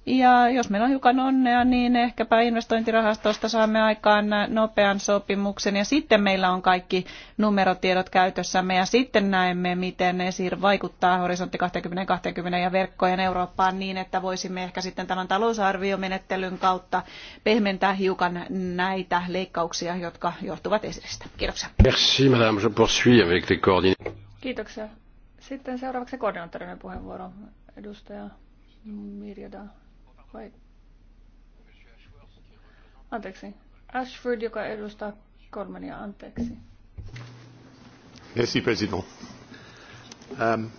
Ja jos meillä on hiukan onnea, niin ehkäpä investointirahastosta saamme aikaan nopean sopimuksen ja sitten meillä on kaikki numerotiedot käytössämme ja sitten näemme, miten ESIR vaikuttaa horisontti 2020 ja verkkojen Eurooppaan niin, että voisimme ehkä sitten tämän talousarviomenettelyn kautta pehmentää hiukan näitä leikkauksia, jotka johtuvat ESIRistä. Kiitoksia. Merci, madame. Je poursuis avec les Kiitoksia. Sitten seuraavaksi koordinaattorinen puheenvuoro. Edustaja Mirjada. Vai? Anteeksi. Ashford, joka edustaa Kolmania, anteeksi. Merci, president. Um.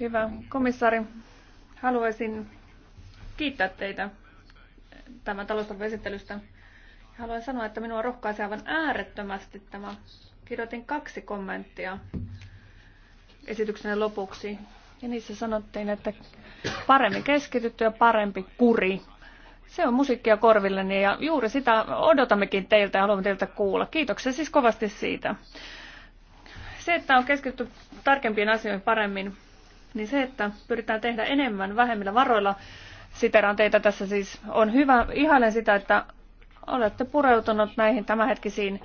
Hyvä komissaari, haluaisin kiittää teitä tämän esittelystä. Haluan sanoa, että minua rohkaisi aivan äärettömästi tämä. Kirjoitin kaksi kommenttia esityksen lopuksi. Ja niissä sanottiin, että paremmin keskitytty ja parempi kuri. Se on musiikkia korvilleni ja juuri sitä odotammekin teiltä ja haluamme teiltä kuulla. Kiitoksia siis kovasti siitä. Se, että on keskitytty tarkempiin asioihin paremmin, niin se, että pyritään tehdä enemmän vähemmillä varoilla, siteraan teitä tässä siis, on hyvä. Ihailen sitä, että olette pureutunut näihin tämänhetkisiin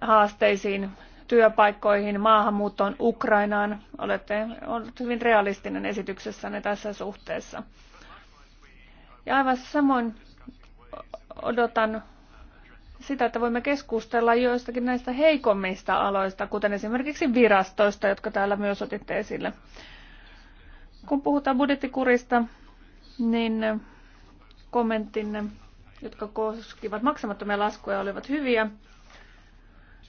haasteisiin työpaikkoihin, maahanmuuttoon, Ukrainaan. Olette ollut hyvin realistinen esityksessänne tässä suhteessa. Ja aivan samoin odotan sitä, että voimme keskustella joistakin näistä heikommista aloista, kuten esimerkiksi virastoista, jotka täällä myös otitte esille. Kun puhutaan budjettikurista, niin kommenttinne, jotka koskivat maksamattomia laskuja, olivat hyviä.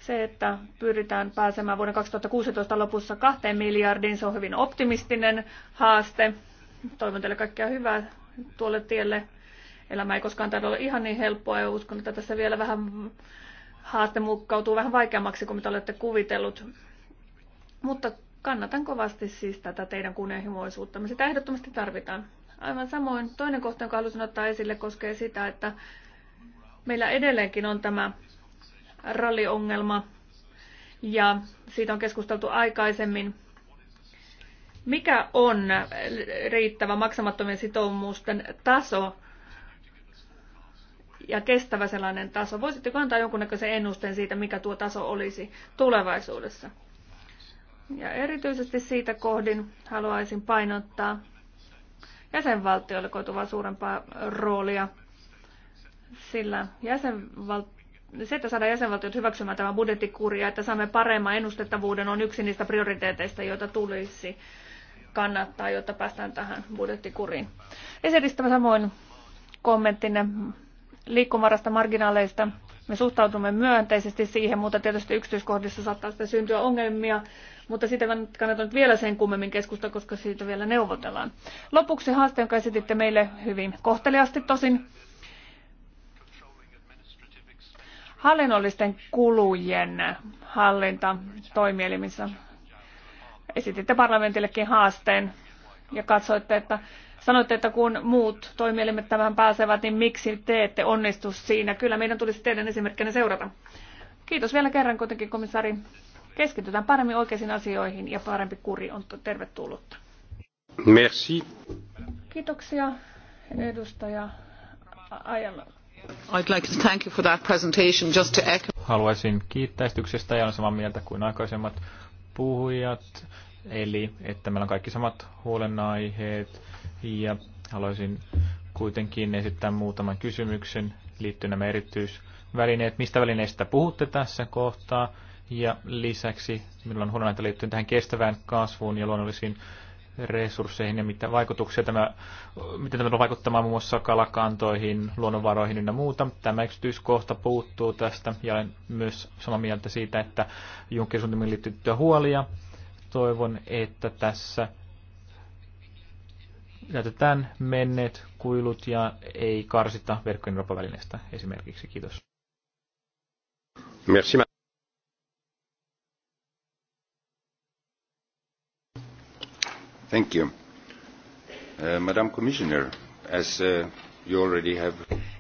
Se, että pyritään pääsemään vuoden 2016 lopussa kahteen miljardiin, se on hyvin optimistinen haaste. Toivon teille kaikkea hyvää tuolle tielle. Elämä ei koskaan taida olla ihan niin helppoa ja uskon, että tässä vielä vähän haaste mukkautuu vähän vaikeammaksi kuin mitä olette kuvitellut. Mutta kannatan kovasti siis tätä teidän kunnianhimoisuutta. Me sitä ehdottomasti tarvitaan. Aivan samoin toinen kohta, jonka halusin ottaa esille, koskee sitä, että meillä edelleenkin on tämä ralliongelma ja siitä on keskusteltu aikaisemmin. Mikä on riittävä maksamattomien sitoumusten taso ja kestävä sellainen taso? Voisitteko antaa jonkunnäköisen ennusteen siitä, mikä tuo taso olisi tulevaisuudessa? Ja erityisesti siitä kohdin haluaisin painottaa jäsenvaltioille koituvaa suurempaa roolia, sillä jäsenvaltio se, että saadaan jäsenvaltiot hyväksymään tämä budjettikuri ja että saamme paremman ennustettavuuden, on yksi niistä prioriteeteista, joita tulisi kannattaa, jotta päästään tähän budjettikuriin. Esitistä samoin kommenttinne liikkumarasta marginaaleista. Me suhtaudumme myönteisesti siihen, mutta tietysti yksityiskohdissa saattaa sitä syntyä ongelmia, mutta sitä kannattaa nyt vielä sen kummemmin keskusta, koska siitä vielä neuvotellaan. Lopuksi haaste, jonka esititte meille hyvin kohteliasti tosin, hallinnollisten kulujen hallinta toimielimissä. Esititte parlamentillekin haasteen ja katsoitte, että sanoitte, että kun muut toimielimet tämän pääsevät, niin miksi te ette onnistu siinä? Kyllä meidän tulisi teidän esimerkkinä seurata. Kiitos vielä kerran kuitenkin komissaari. Keskitytään paremmin oikeisiin asioihin ja parempi kuri on tervetullutta. Merci. Kiitoksia edustaja Ajalla. Haluaisin kiittää esityksestä ja olen samaa mieltä kuin aikaisemmat puhujat, eli että meillä on kaikki samat huolenaiheet ja haluaisin kuitenkin esittää muutaman kysymyksen liittyen nämä erityisvälineet. Mistä välineistä puhutte tässä kohtaa? Ja lisäksi minulla on huolenaiheita liittyen tähän kestävään kasvuun ja luonnollisiin resursseihin ja mitä vaikutuksia tämä, miten tämä vaikuttamaan muun muassa kalakantoihin, luonnonvaroihin ja muuta. Tämä yksityiskohta puuttuu tästä ja olen myös samaa mieltä siitä, että Junckerin liittyy huolia. Toivon, että tässä jätetään menneet kuilut ja ei karsita verkkojen esimerkiksi. Kiitos. Merci. Thank you. Uh, Madam Commissioner, as uh, you already have...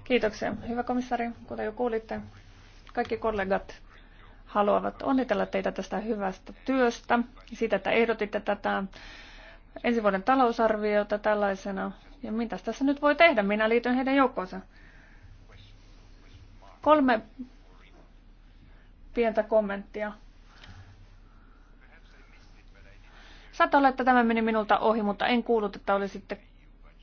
Kiitoksia. Hyvä komissaari, kuten jo kuulitte, kaikki kollegat haluavat onnitella teitä tästä hyvästä työstä, siitä, että ehdotitte tätä ensi vuoden talousarviota tällaisena. Ja mitä tässä nyt voi tehdä? Minä liityn heidän joukkoonsa. Kolme pientä kommenttia Saattaa olla, että tämä meni minulta ohi, mutta en kuullut, että olisitte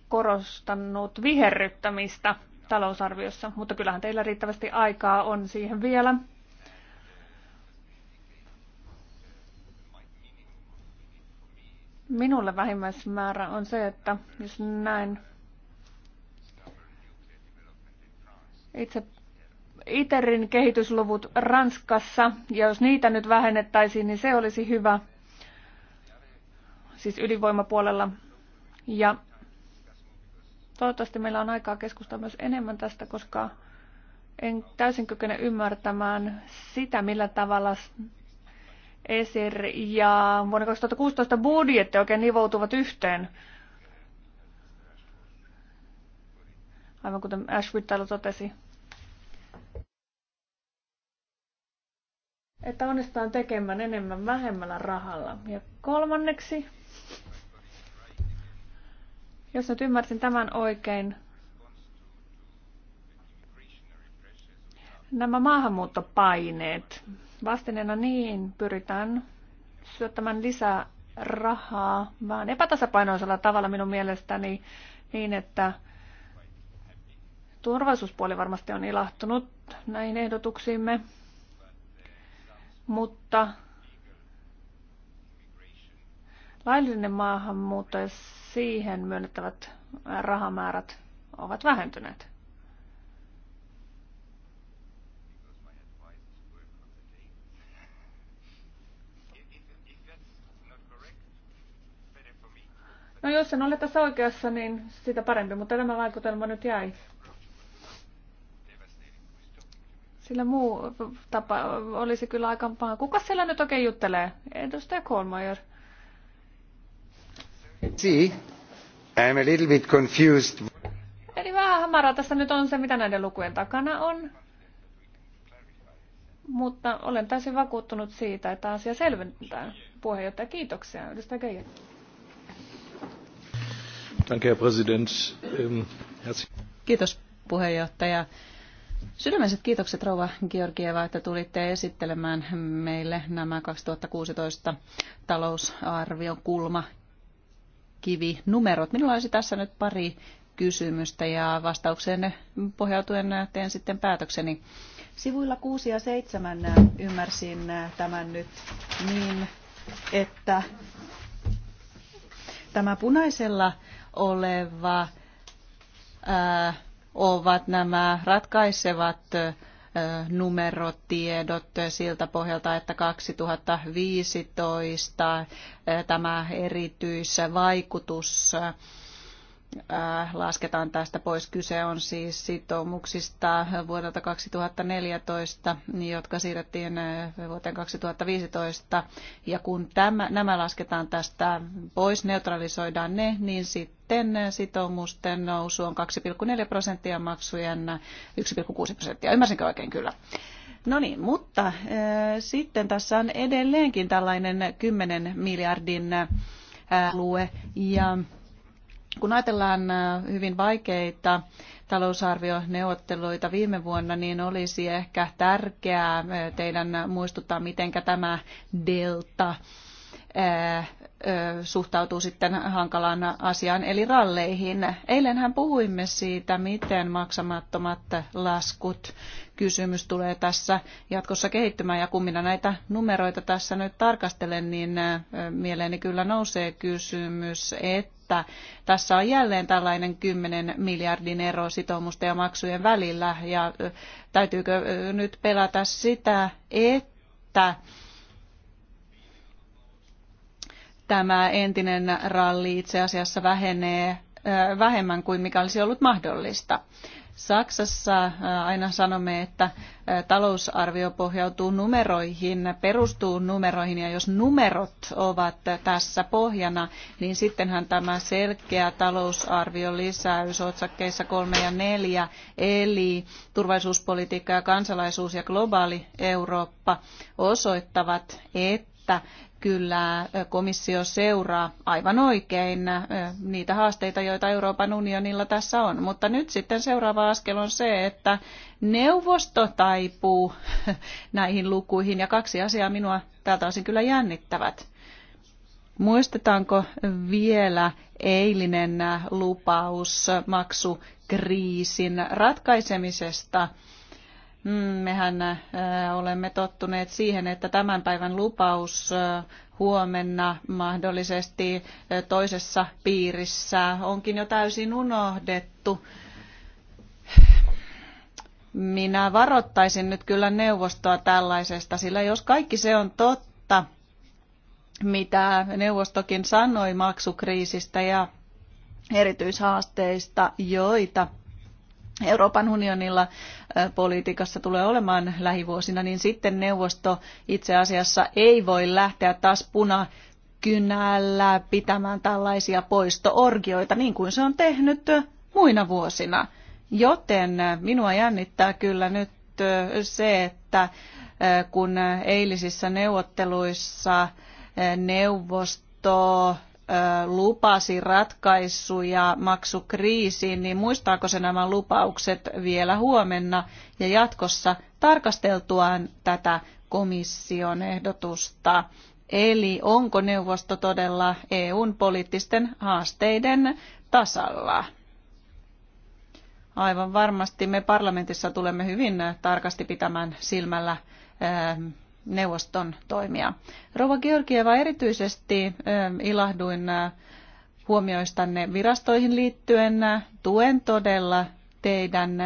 korostanut viherryttämistä talousarviossa, mutta kyllähän teillä riittävästi aikaa on siihen vielä. Minulle vähimmäismäärä on se, että jos näin itse ITERin kehitysluvut Ranskassa, ja jos niitä nyt vähennettäisiin, niin se olisi hyvä – siis ydinvoimapuolella. Ja toivottavasti meillä on aikaa keskustella myös enemmän tästä, koska en täysin kykene ymmärtämään sitä, millä tavalla ESIR ja vuonna 2016 budjetti oikein nivoutuvat yhteen. Aivan kuten Ashwood täällä totesi. Että onnistutaan tekemään enemmän vähemmällä rahalla. Ja kolmanneksi jos nyt ymmärsin tämän oikein, nämä maahanmuuttopaineet, vastineena niin pyritään syöttämään lisää rahaa, vaan epätasapainoisella tavalla minun mielestäni niin, että turvallisuuspuoli varmasti on ilahtunut näihin ehdotuksiimme, mutta Laillinen maahanmuutto ja siihen myönnettävät rahamäärät ovat vähentyneet. No jos en ole tässä oikeassa, niin sitä parempi, mutta tämä vaikutelma nyt jäi. Sillä muu tapa olisi kyllä aika paha. Kuka siellä nyt oikein juttelee? Edustaja Kolmajer. I'm a little bit confused. Eli vähän hämärää tässä nyt on se, mitä näiden lukujen takana on. Mutta olen täysin vakuuttunut siitä, että asia selventää. Puheenjohtaja, kiitoksia. Edustaja Geijer. Ähm, Kiitos, puheenjohtaja. Sydämiset kiitokset Rouva Georgieva, että tulitte esittelemään meille nämä 2016 talousarvion kulma Kivi numerot Minulla olisi tässä nyt pari kysymystä ja vastaukseen pohjautuen teen sitten päätökseni. Sivuilla 6 ja 7 ymmärsin tämän nyt niin, että tämä punaisella oleva ää, ovat nämä ratkaisevat numerotiedot siltä pohjalta, että 2015 tämä erityisvaikutus vaikutus Äh, lasketaan tästä pois. Kyse on siis sitoumuksista vuodelta 2014, jotka siirrettiin äh, vuoteen 2015. Ja kun tämä, nämä lasketaan tästä pois, neutralisoidaan ne, niin sitten sitoumusten nousu on 2,4 prosenttia maksujen 1,6 prosenttia. Ymmärsinkö oikein kyllä? No niin, mutta äh, sitten tässä on edelleenkin tällainen 10 miljardin äh, alue ja kun ajatellaan äh, hyvin vaikeita talousarvioneuvotteluita viime vuonna, niin olisi ehkä tärkeää äh, teidän muistuttaa, miten tämä delta äh, suhtautuu sitten hankalaan asiaan, eli ralleihin. Eilenhän puhuimme siitä, miten maksamattomat laskut kysymys tulee tässä jatkossa kehittymään. Ja kun minä näitä numeroita tässä nyt tarkastelen, niin mieleeni kyllä nousee kysymys, että tässä on jälleen tällainen 10 miljardin ero sitoumusten ja maksujen välillä. Ja täytyykö nyt pelätä sitä, että tämä entinen ralli itse asiassa vähenee vähemmän kuin mikä olisi ollut mahdollista. Saksassa äh, aina sanomme, että äh, talousarvio pohjautuu numeroihin, perustuu numeroihin ja jos numerot ovat tässä pohjana, niin sittenhän tämä selkeä talousarvio lisäys otsakkeissa 3 ja 4, eli turvallisuuspolitiikka ja kansalaisuus ja globaali Eurooppa osoittavat, että että kyllä komissio seuraa aivan oikein niitä haasteita, joita Euroopan unionilla tässä on. Mutta nyt sitten seuraava askel on se, että neuvosto taipuu [LAUGHS] näihin lukuihin ja kaksi asiaa minua tältä osin kyllä jännittävät. Muistetaanko vielä eilinen lupaus maksukriisin ratkaisemisesta – Mm, mehän äh, olemme tottuneet siihen, että tämän päivän lupaus äh, huomenna mahdollisesti äh, toisessa piirissä onkin jo täysin unohdettu. Minä varoittaisin nyt kyllä neuvostoa tällaisesta, sillä jos kaikki se on totta, mitä neuvostokin sanoi maksukriisistä ja erityishaasteista, joita Euroopan unionilla politiikassa tulee olemaan lähivuosina, niin sitten neuvosto itse asiassa ei voi lähteä taas puna kynällä pitämään tällaisia poistoorgioita, niin kuin se on tehnyt muina vuosina. Joten minua jännittää kyllä nyt se, että kun eilisissä neuvotteluissa neuvosto lupasi ratkaisuja maksukriisiin, niin muistaako se nämä lupaukset vielä huomenna ja jatkossa tarkasteltuaan tätä komission ehdotusta? Eli onko neuvosto todella EUn poliittisten haasteiden tasalla? Aivan varmasti me parlamentissa tulemme hyvin tarkasti pitämään silmällä neuvoston toimia. Rova Georgieva, erityisesti ilahduin huomioistanne virastoihin liittyen. Tuen todella teidän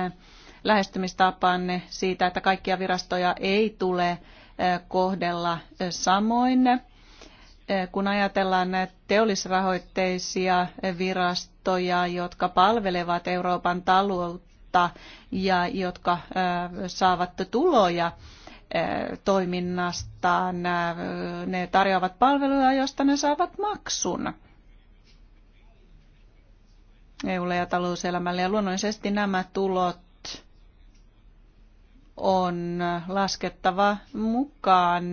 lähestymistapaanne siitä, että kaikkia virastoja ei tule kohdella samoin. Kun ajatellaan teollisrahoitteisia virastoja, jotka palvelevat Euroopan taloutta ja jotka saavat tuloja, toiminnastaan. Ne tarjoavat palveluja, joista ne saavat maksun. EUlle ja talouselämälle. Ja luonnollisesti nämä tulot on laskettava mukaan.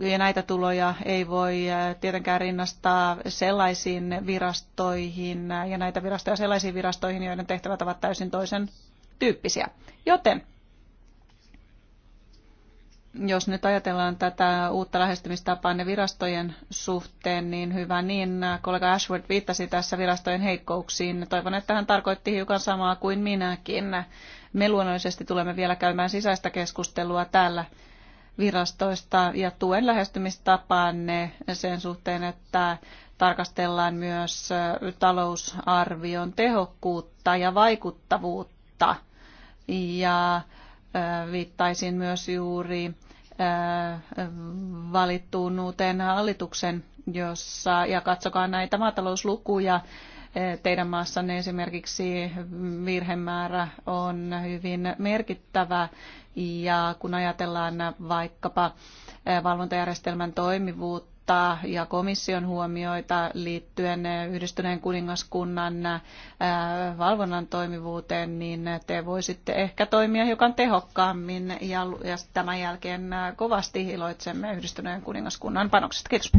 Ja näitä tuloja ei voi tietenkään rinnastaa sellaisiin virastoihin ja näitä virastoja sellaisiin virastoihin, joiden tehtävät ovat täysin toisen tyyppisiä. Joten jos nyt ajatellaan tätä uutta lähestymistapaa ne virastojen suhteen, niin hyvä niin. Kollega Ashworth viittasi tässä virastojen heikkouksiin. Toivon, että hän tarkoitti hiukan samaa kuin minäkin. Me luonnollisesti tulemme vielä käymään sisäistä keskustelua täällä virastoista ja tuen lähestymistapaanne sen suhteen, että tarkastellaan myös talousarvion tehokkuutta ja vaikuttavuutta. Ja viittaisin myös juuri valittuun uuteen hallituksen, jossa, ja katsokaa näitä maatalouslukuja, eh, teidän maassanne esimerkiksi virhemäärä on hyvin merkittävä ja kun ajatellaan vaikkapa eh, valvontajärjestelmän toimivuutta, huomiota ja komission huomioita liittyen yhdistyneen kuningaskunnan äh, valvonnan toimivuuteen, niin te voisitte ehkä toimia hiukan tehokkaammin ja tämän jälkeen äh, kovasti iloitsemme yhdistyneen kuningaskunnan panoksesta. Kiitos.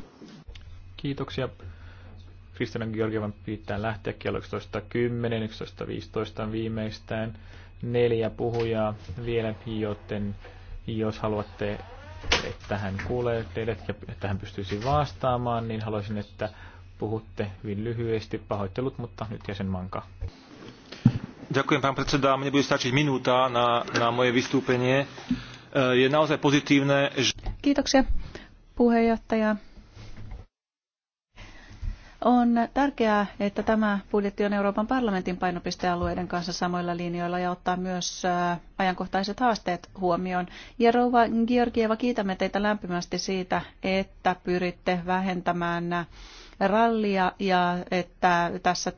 Kiitoksia. Kristianan Georgievan pitää lähteä kello 11.10, 11.15 viimeistään. Neljä puhujaa vielä, joten jos haluatte että hän kuulee teidät ja että hän pystyisi vastaamaan, niin haluaisin, että puhutte hyvin lyhyesti. Pahoittelut, mutta nyt jäsen manka. Ďakujem, pán predseda. Mne bude stačiť minúta na, na moje vystúpenie. E, je naozaj pozitívne, že... Kiitoksia, puheenjohtaja. On tärkeää, että tämä budjetti on Euroopan parlamentin painopistealueiden kanssa samoilla linjoilla ja ottaa myös äh, ajankohtaiset haasteet huomioon. Ja Rouva Georgieva, kiitämme teitä lämpimästi siitä, että pyritte vähentämään rallia ja että tässä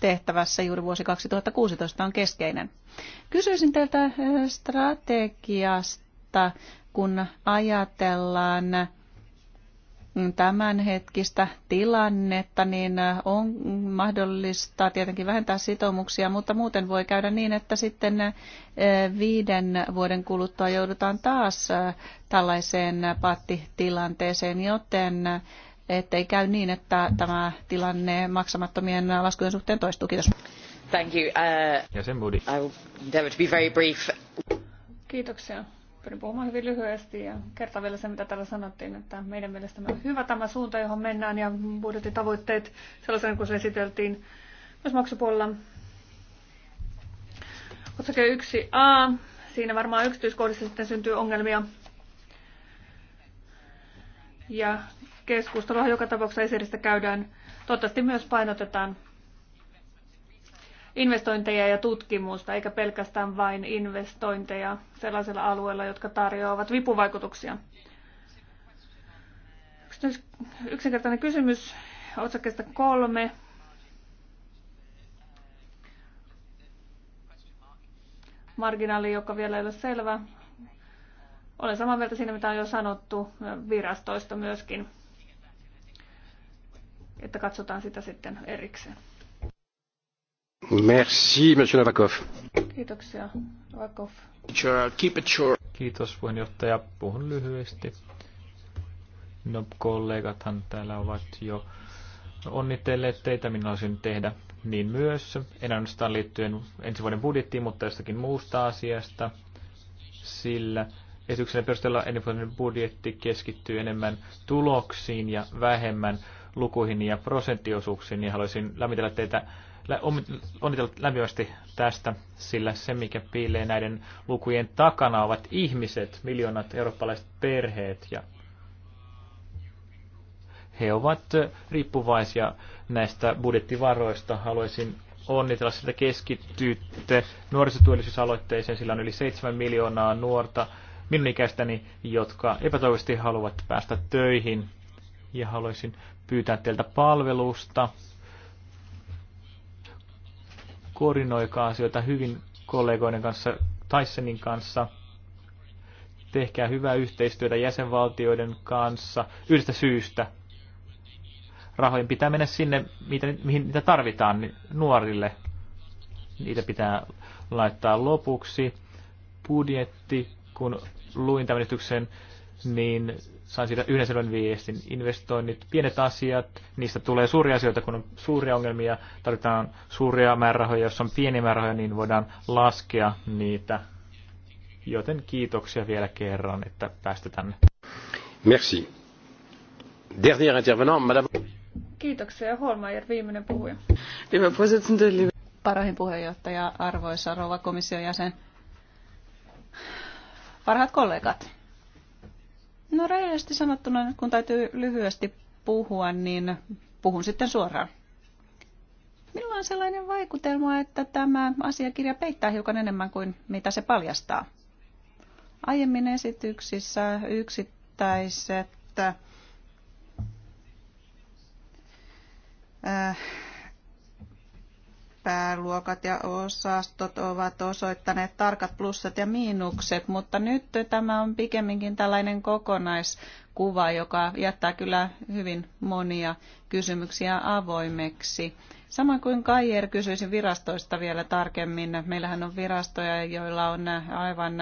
tehtävässä juuri vuosi 2016 on keskeinen. Kysyisin teiltä äh, strategiasta, kun ajatellaan tämänhetkistä tilannetta, niin on mahdollista tietenkin vähentää sitoumuksia, mutta muuten voi käydä niin, että sitten viiden vuoden kuluttua joudutaan taas tällaiseen pattitilanteeseen, joten ettei käy niin, että tämä tilanne maksamattomien laskujen suhteen toistuu. Kiitos. Thank you. Uh, yes, I will endeavor to be very brief. Kiitoksia. Pyrin puhumaan hyvin lyhyesti ja kertaan vielä se, mitä täällä sanottiin, että meidän mielestä on hyvä tämä suunta, johon mennään ja budjettitavoitteet sellaisen, kuin se esiteltiin myös maksupuolella. Otsake 1a. Siinä varmaan yksityiskohdissa sitten syntyy ongelmia. Ja keskustelua joka tapauksessa esiristä käydään. Toivottavasti myös painotetaan investointeja ja tutkimusta, eikä pelkästään vain investointeja sellaisilla alueilla, jotka tarjoavat vipuvaikutuksia. Yksinkertainen kysymys otsakkeesta kolme. Marginaali, joka vielä ei ole selvä. Olen samaa mieltä siinä, mitä on jo sanottu virastoista myöskin, että katsotaan sitä sitten erikseen. Merci, Monsieur Novakov. Kiitoksia, Novakov. Keep it short. Kiitos puheenjohtaja. Puhun lyhyesti. No kollegathan täällä ovat jo onnitelleet teitä, minä olisin tehdä niin myös. En ainoastaan liittyen ensi vuoden budjettiin, mutta jostakin muusta asiasta. Sillä esityksen perusteella ensi budjetti keskittyy enemmän tuloksiin ja vähemmän lukuihin ja prosenttiosuuksiin, niin haluaisin lämmitellä teitä onnitella lämpimästi tästä, sillä se, mikä piilee näiden lukujen takana, ovat ihmiset, miljoonat eurooppalaiset perheet ja he ovat riippuvaisia näistä budjettivaroista. Haluaisin onnitella sitä keskittyytte nuorisotyöllisyysaloitteeseen, sillä on yli 7 miljoonaa nuorta minun ikäistäni, jotka epätoivoisesti haluavat päästä töihin. Ja haluaisin pyytää teiltä palvelusta koordinoikaa asioita hyvin kollegoiden kanssa, Tysonin kanssa. Tehkää hyvää yhteistyötä jäsenvaltioiden kanssa yhdestä syystä. Rahojen pitää mennä sinne, mitä, mihin niitä tarvitaan niin nuorille. Niitä pitää laittaa lopuksi. Budjetti, kun luin tämän niin sain siitä yhden selvän viestin. Investoinnit, pienet asiat, niistä tulee suuria asioita, kun on suuria ongelmia, tarvitaan suuria määrärahoja, jos on pieniä määrärahoja, niin voidaan laskea niitä. Joten kiitoksia vielä kerran, että päästä tänne. Merci. Dernier intervenant, madame. Kiitoksia. Holmeier, viimeinen puhuja. Parahin puheenjohtaja, arvoisa rouva komission jäsen. Parhaat kollegat, No rajallisesti sanottuna, kun täytyy lyhyesti puhua, niin puhun sitten suoraan. Minulla on sellainen vaikutelma, että tämä asiakirja peittää hiukan enemmän kuin mitä se paljastaa. Aiemmin esityksissä yksittäiset äh, pääluokat ja osastot ovat osoittaneet tarkat plussat ja miinukset, mutta nyt tämä on pikemminkin tällainen kokonaiskuva, joka jättää kyllä hyvin monia kysymyksiä avoimeksi. Samoin kuin Kajer, kysyisin virastoista vielä tarkemmin. Meillähän on virastoja, joilla on aivan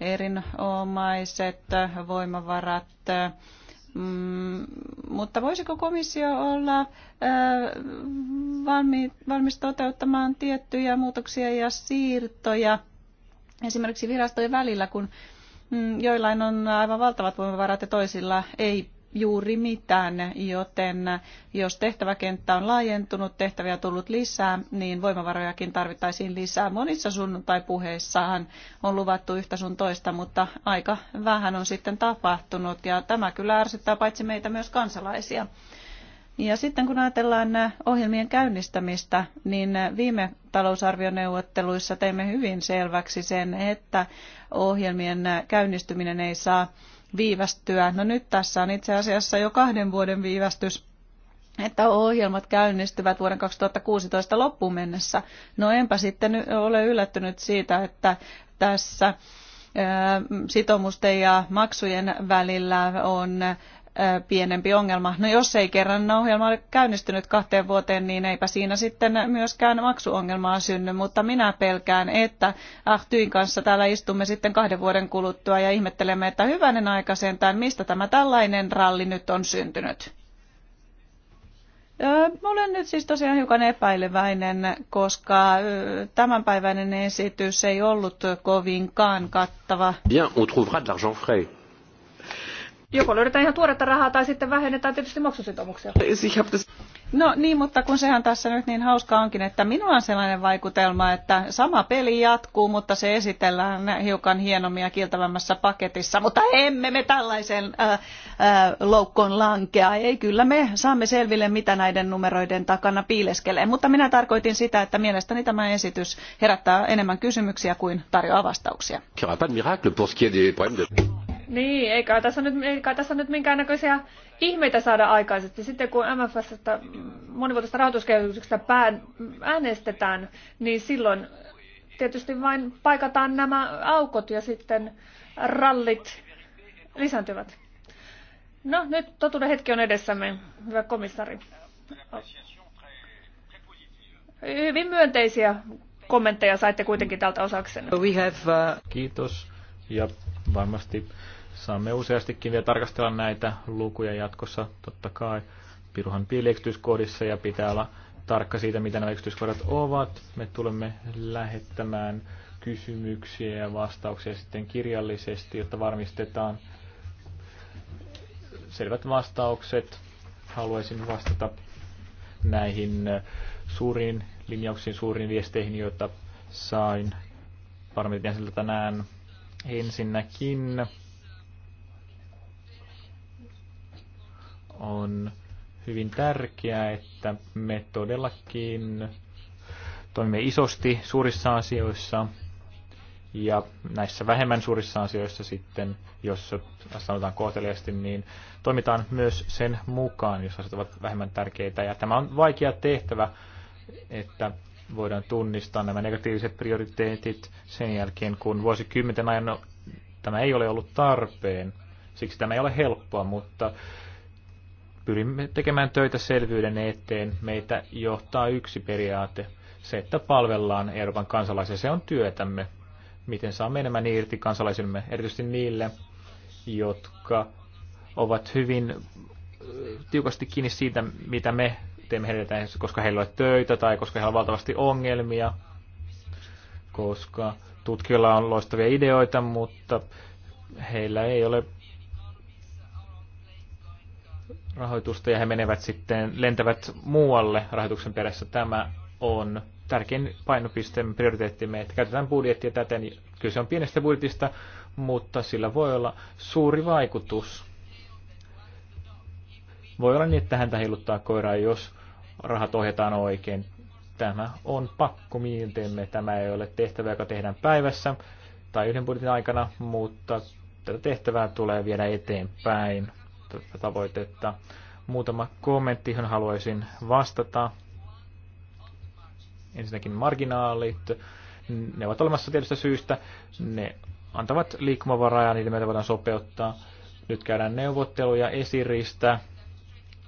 erinomaiset voimavarat Mm, mutta voisiko komissio olla valmis toteuttamaan tiettyjä muutoksia ja siirtoja esimerkiksi virastojen välillä, kun mm, joillain on aivan valtavat voimavarat ja toisilla ei juuri mitään, joten jos tehtäväkenttä on laajentunut, tehtäviä on tullut lisää, niin voimavarojakin tarvittaisiin lisää. Monissa sunnuntai-puheissahan on luvattu yhtä sun toista, mutta aika vähän on sitten tapahtunut ja tämä kyllä ärsyttää paitsi meitä myös kansalaisia. Ja sitten kun ajatellaan ohjelmien käynnistämistä, niin viime talousarvioneuvotteluissa teimme hyvin selväksi sen, että ohjelmien käynnistyminen ei saa viivästyä. No nyt tässä on itse asiassa jo kahden vuoden viivästys että ohjelmat käynnistyvät vuoden 2016 loppuun mennessä. No enpä sitten ole yllättynyt siitä, että tässä sitomusten ja maksujen välillä on pienempi ongelma. No jos ei kerran ohjelma ole käynnistynyt kahteen vuoteen, niin eipä siinä sitten myöskään maksuongelmaa synny, mutta minä pelkään, että Ahtyin kanssa täällä istumme sitten kahden vuoden kuluttua ja ihmettelemme, että hyvänen aika sentään, mistä tämä tällainen ralli nyt on syntynyt. Mä olen nyt siis tosiaan hiukan epäileväinen, koska tämänpäiväinen esitys ei ollut kovinkaan kattava. Bien, on trouvera de l'argent frais Joko löydetään ihan tuoretta rahaa tai sitten vähennetään tietysti maksusitoumuksia. No niin, mutta kun sehän tässä nyt niin hauska onkin, että minulla on sellainen vaikutelma, että sama peli jatkuu, mutta se esitellään hiukan hienommin ja kieltävämmässä paketissa. Mutta emme me tällaisen äh, äh, loukkoon lankea. Ei kyllä me saamme selville, mitä näiden numeroiden takana piileskelee. Mutta minä tarkoitin sitä, että mielestäni tämä esitys herättää enemmän kysymyksiä kuin tarjoaa vastauksia. Niin, eikä tässä nyt, eikä tässä nyt minkäännäköisiä ihmeitä saada aikaisesti. Sitten kun MFSstä monivuotista rahoituskehityksestä pään, äänestetään, niin silloin tietysti vain paikataan nämä aukot ja sitten rallit lisääntyvät. No, nyt totuuden hetki on edessämme, hyvä komissari. Hyvin myönteisiä kommentteja saitte kuitenkin tältä osaksenne. We have, uh... Kiitos ja varmasti Saamme useastikin vielä tarkastella näitä lukuja jatkossa, totta kai. Piruhan piili ja pitää olla tarkka siitä, mitä nämä yksityiskohdat ovat. Me tulemme lähettämään kysymyksiä ja vastauksia sitten kirjallisesti, jotta varmistetaan selvät vastaukset. Haluaisin vastata näihin suuriin linjauksiin, suuriin viesteihin, joita sain parmiten siltä tänään. Ensinnäkin on hyvin tärkeää, että me todellakin toimimme isosti suurissa asioissa ja näissä vähemmän suurissa asioissa sitten, jos sanotaan kohteliasti, niin toimitaan myös sen mukaan, jos asiat ovat vähemmän tärkeitä. Ja tämä on vaikea tehtävä, että voidaan tunnistaa nämä negatiiviset prioriteetit sen jälkeen, kun vuosikymmenten ajan no, tämä ei ole ollut tarpeen. Siksi tämä ei ole helppoa, mutta pyrimme tekemään töitä selvyyden eteen. Meitä johtaa yksi periaate, se, että palvellaan Euroopan kansalaisia. Se on työtämme, miten saamme enemmän irti kansalaisille, erityisesti niille, jotka ovat hyvin tiukasti kiinni siitä, mitä me teemme heille, koska heillä on töitä tai koska heillä on valtavasti ongelmia, koska tutkijoilla on loistavia ideoita, mutta heillä ei ole rahoitusta ja he menevät sitten, lentävät muualle rahoituksen perässä. Tämä on tärkein painopiste, prioriteettimme, että käytetään budjettia täten. Kyse on pienestä budjetista, mutta sillä voi olla suuri vaikutus. Voi olla niin, että häntä heiluttaa koiraa, jos rahat ohjataan oikein. Tämä on pakko mielteemme. Tämä ei ole tehtävä, joka tehdään päivässä tai yhden budjetin aikana, mutta tätä tehtävää tulee viedä eteenpäin tätä tavoitetta. Muutama kommentti, johon haluaisin vastata. Ensinnäkin marginaalit. Ne ovat olemassa tietystä syystä. Ne antavat liikkumavaraa ja niitä meitä voidaan sopeuttaa. Nyt käydään neuvotteluja esiristä.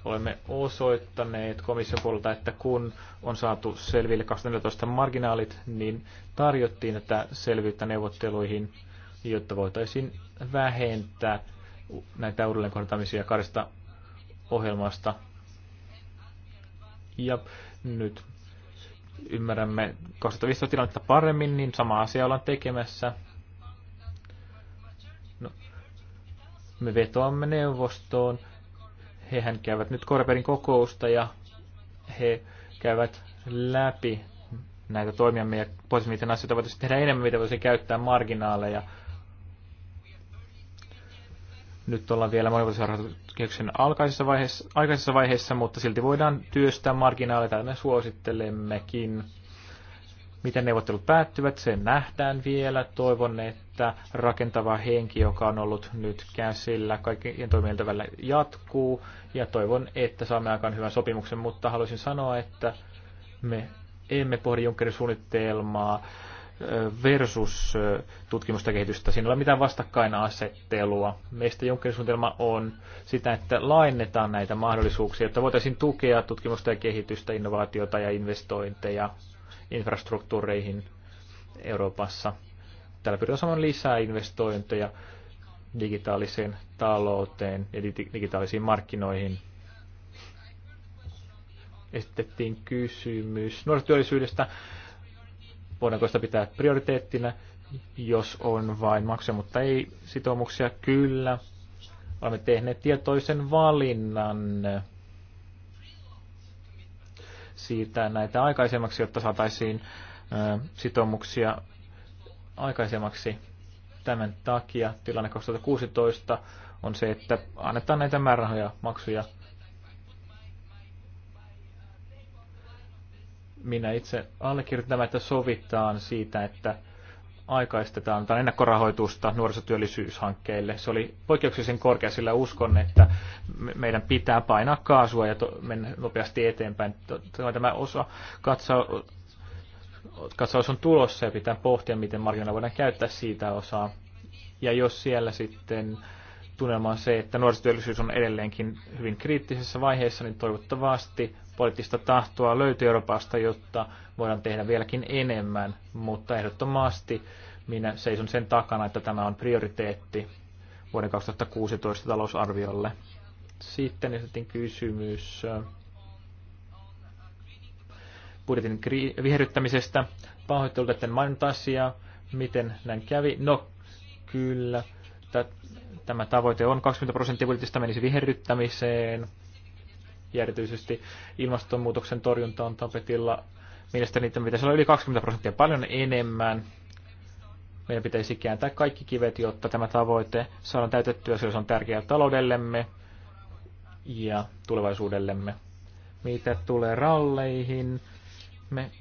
Olemme osoittaneet komission puolelta, että kun on saatu selville 2014 marginaalit, niin tarjottiin tätä selvyyttä neuvotteluihin, jotta voitaisiin vähentää näitä uudelleenkohtaamisia karista ohjelmasta. Ja nyt ymmärrämme 2015 tilannetta paremmin, niin sama asia ollaan tekemässä. No, me vetoamme neuvostoon. Hehän käyvät nyt Korperin kokousta ja he käyvät läpi näitä toimia ja pois miten asioita voitaisiin tehdä enemmän, mitä voisi käyttää marginaaleja nyt ollaan vielä monivuotisen alkaisessa vaiheessa, aikaisessa vaiheessa, mutta silti voidaan työstää marginaaleita, me suosittelemmekin. Miten neuvottelut päättyvät, se nähdään vielä. Toivon, että rakentava henki, joka on ollut nyt käsillä kaikkien toimijoiden välillä jatkuu. Ja toivon, että saamme aikaan hyvän sopimuksen, mutta haluaisin sanoa, että me emme pohdi Junckerin suunnitelmaa versus tutkimusta ja kehitystä. Siinä ei ole mitään vastakkainasettelua. Meistä Junckerin suunnitelma on sitä, että laajennetaan näitä mahdollisuuksia, että voitaisiin tukea tutkimusta ja kehitystä, innovaatiota ja investointeja infrastruktuureihin Euroopassa. Tällä pyritään saamaan lisää investointeja digitaaliseen talouteen ja digitaalisiin markkinoihin. Esitettiin kysymys nuorisotyöllisyydestä. työllisyydestä Voidaanko sitä pitää prioriteettina, jos on vain maksuja, mutta ei sitoumuksia? Kyllä. Olemme tehneet tietoisen valinnan siitä näitä aikaisemmaksi, jotta saataisiin sitoumuksia aikaisemmaksi. Tämän takia tilanne 2016 on se, että annetaan näitä määrärahoja, maksuja minä itse allekirjoitan tämän, että sovitaan siitä, että aikaistetaan tämän ennakkorahoitusta nuorisotyöllisyyshankkeille. Se oli poikkeuksellisen korkea, sillä uskon, että meidän pitää painaa kaasua ja mennä nopeasti eteenpäin. Tämä osa katsaus, katsaus on tulossa ja pitää pohtia, miten markkinoilla voidaan käyttää siitä osaa. Ja jos siellä sitten tunnelma on se, että nuorisotyöllisyys on edelleenkin hyvin kriittisessä vaiheessa, niin toivottavasti poliittista tahtoa löytyy Euroopasta, jotta voidaan tehdä vieläkin enemmän, mutta ehdottomasti minä seison sen takana, että tämä on prioriteetti vuoden 2016 talousarviolle. Sitten esitin kysymys äh, budjetin viherryttämisestä. Pahoittelut, että en asiaa. Miten näin kävi? No, kyllä. Tämä tavoite on 20 prosenttia budjetista menisi viherryttämiseen. Ja erityisesti ilmastonmuutoksen torjunta on tapetilla. Mielestäni niitä pitäisi olla yli 20 prosenttia paljon enemmän. Meidän pitäisi kääntää kaikki kivet, jotta tämä tavoite saadaan täytettyä, sillä se on tärkeää taloudellemme ja tulevaisuudellemme. Mitä tulee ralleihin, me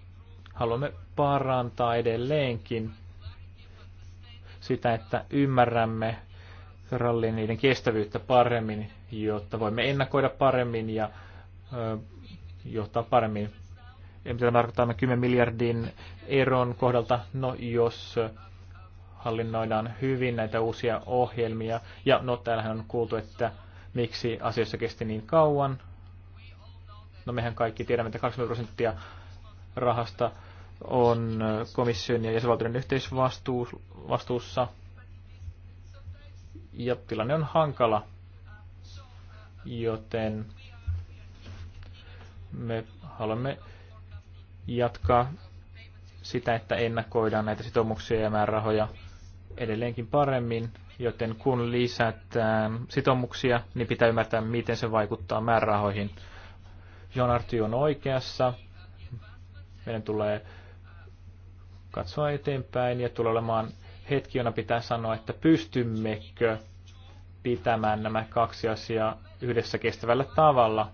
haluamme parantaa edelleenkin sitä, että ymmärrämme rallien niiden kestävyyttä paremmin, jotta voimme ennakoida paremmin ja ö, johtaa paremmin. Ei mitä me 10 miljardin eron kohdalta, no jos hallinnoidaan hyvin näitä uusia ohjelmia. Ja no täällähän on kuultu, että miksi asioissa kesti niin kauan. No mehän kaikki tiedämme, että 20 prosenttia rahasta on komission ja jäsenvaltioiden yhteisvastuussa ja tilanne on hankala, joten me haluamme jatkaa sitä, että ennakoidaan näitä sitoumuksia ja määrärahoja edelleenkin paremmin, joten kun lisätään sitoumuksia, niin pitää ymmärtää, miten se vaikuttaa määrärahoihin. John Arty on oikeassa. Meidän tulee katsoa eteenpäin ja tulee olemaan hetki, jona pitää sanoa, että pystymmekö pitämään nämä kaksi asiaa yhdessä kestävällä tavalla.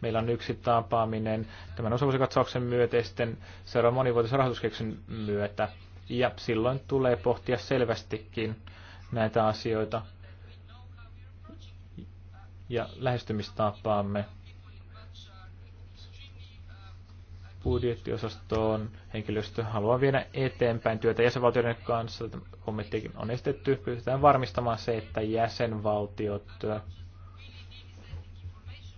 Meillä on yksi tapaaminen tämän osavuosikatsauksen myötä ja sitten seuraavan monivuotisen rahoituskeksyn myötä. Ja silloin tulee pohtia selvästikin näitä asioita ja lähestymistapaamme budjettiosastoon henkilöstö haluaa viedä eteenpäin työtä jäsenvaltioiden kanssa. Kommenttikin on estetty. Pystytään varmistamaan se, että jäsenvaltiot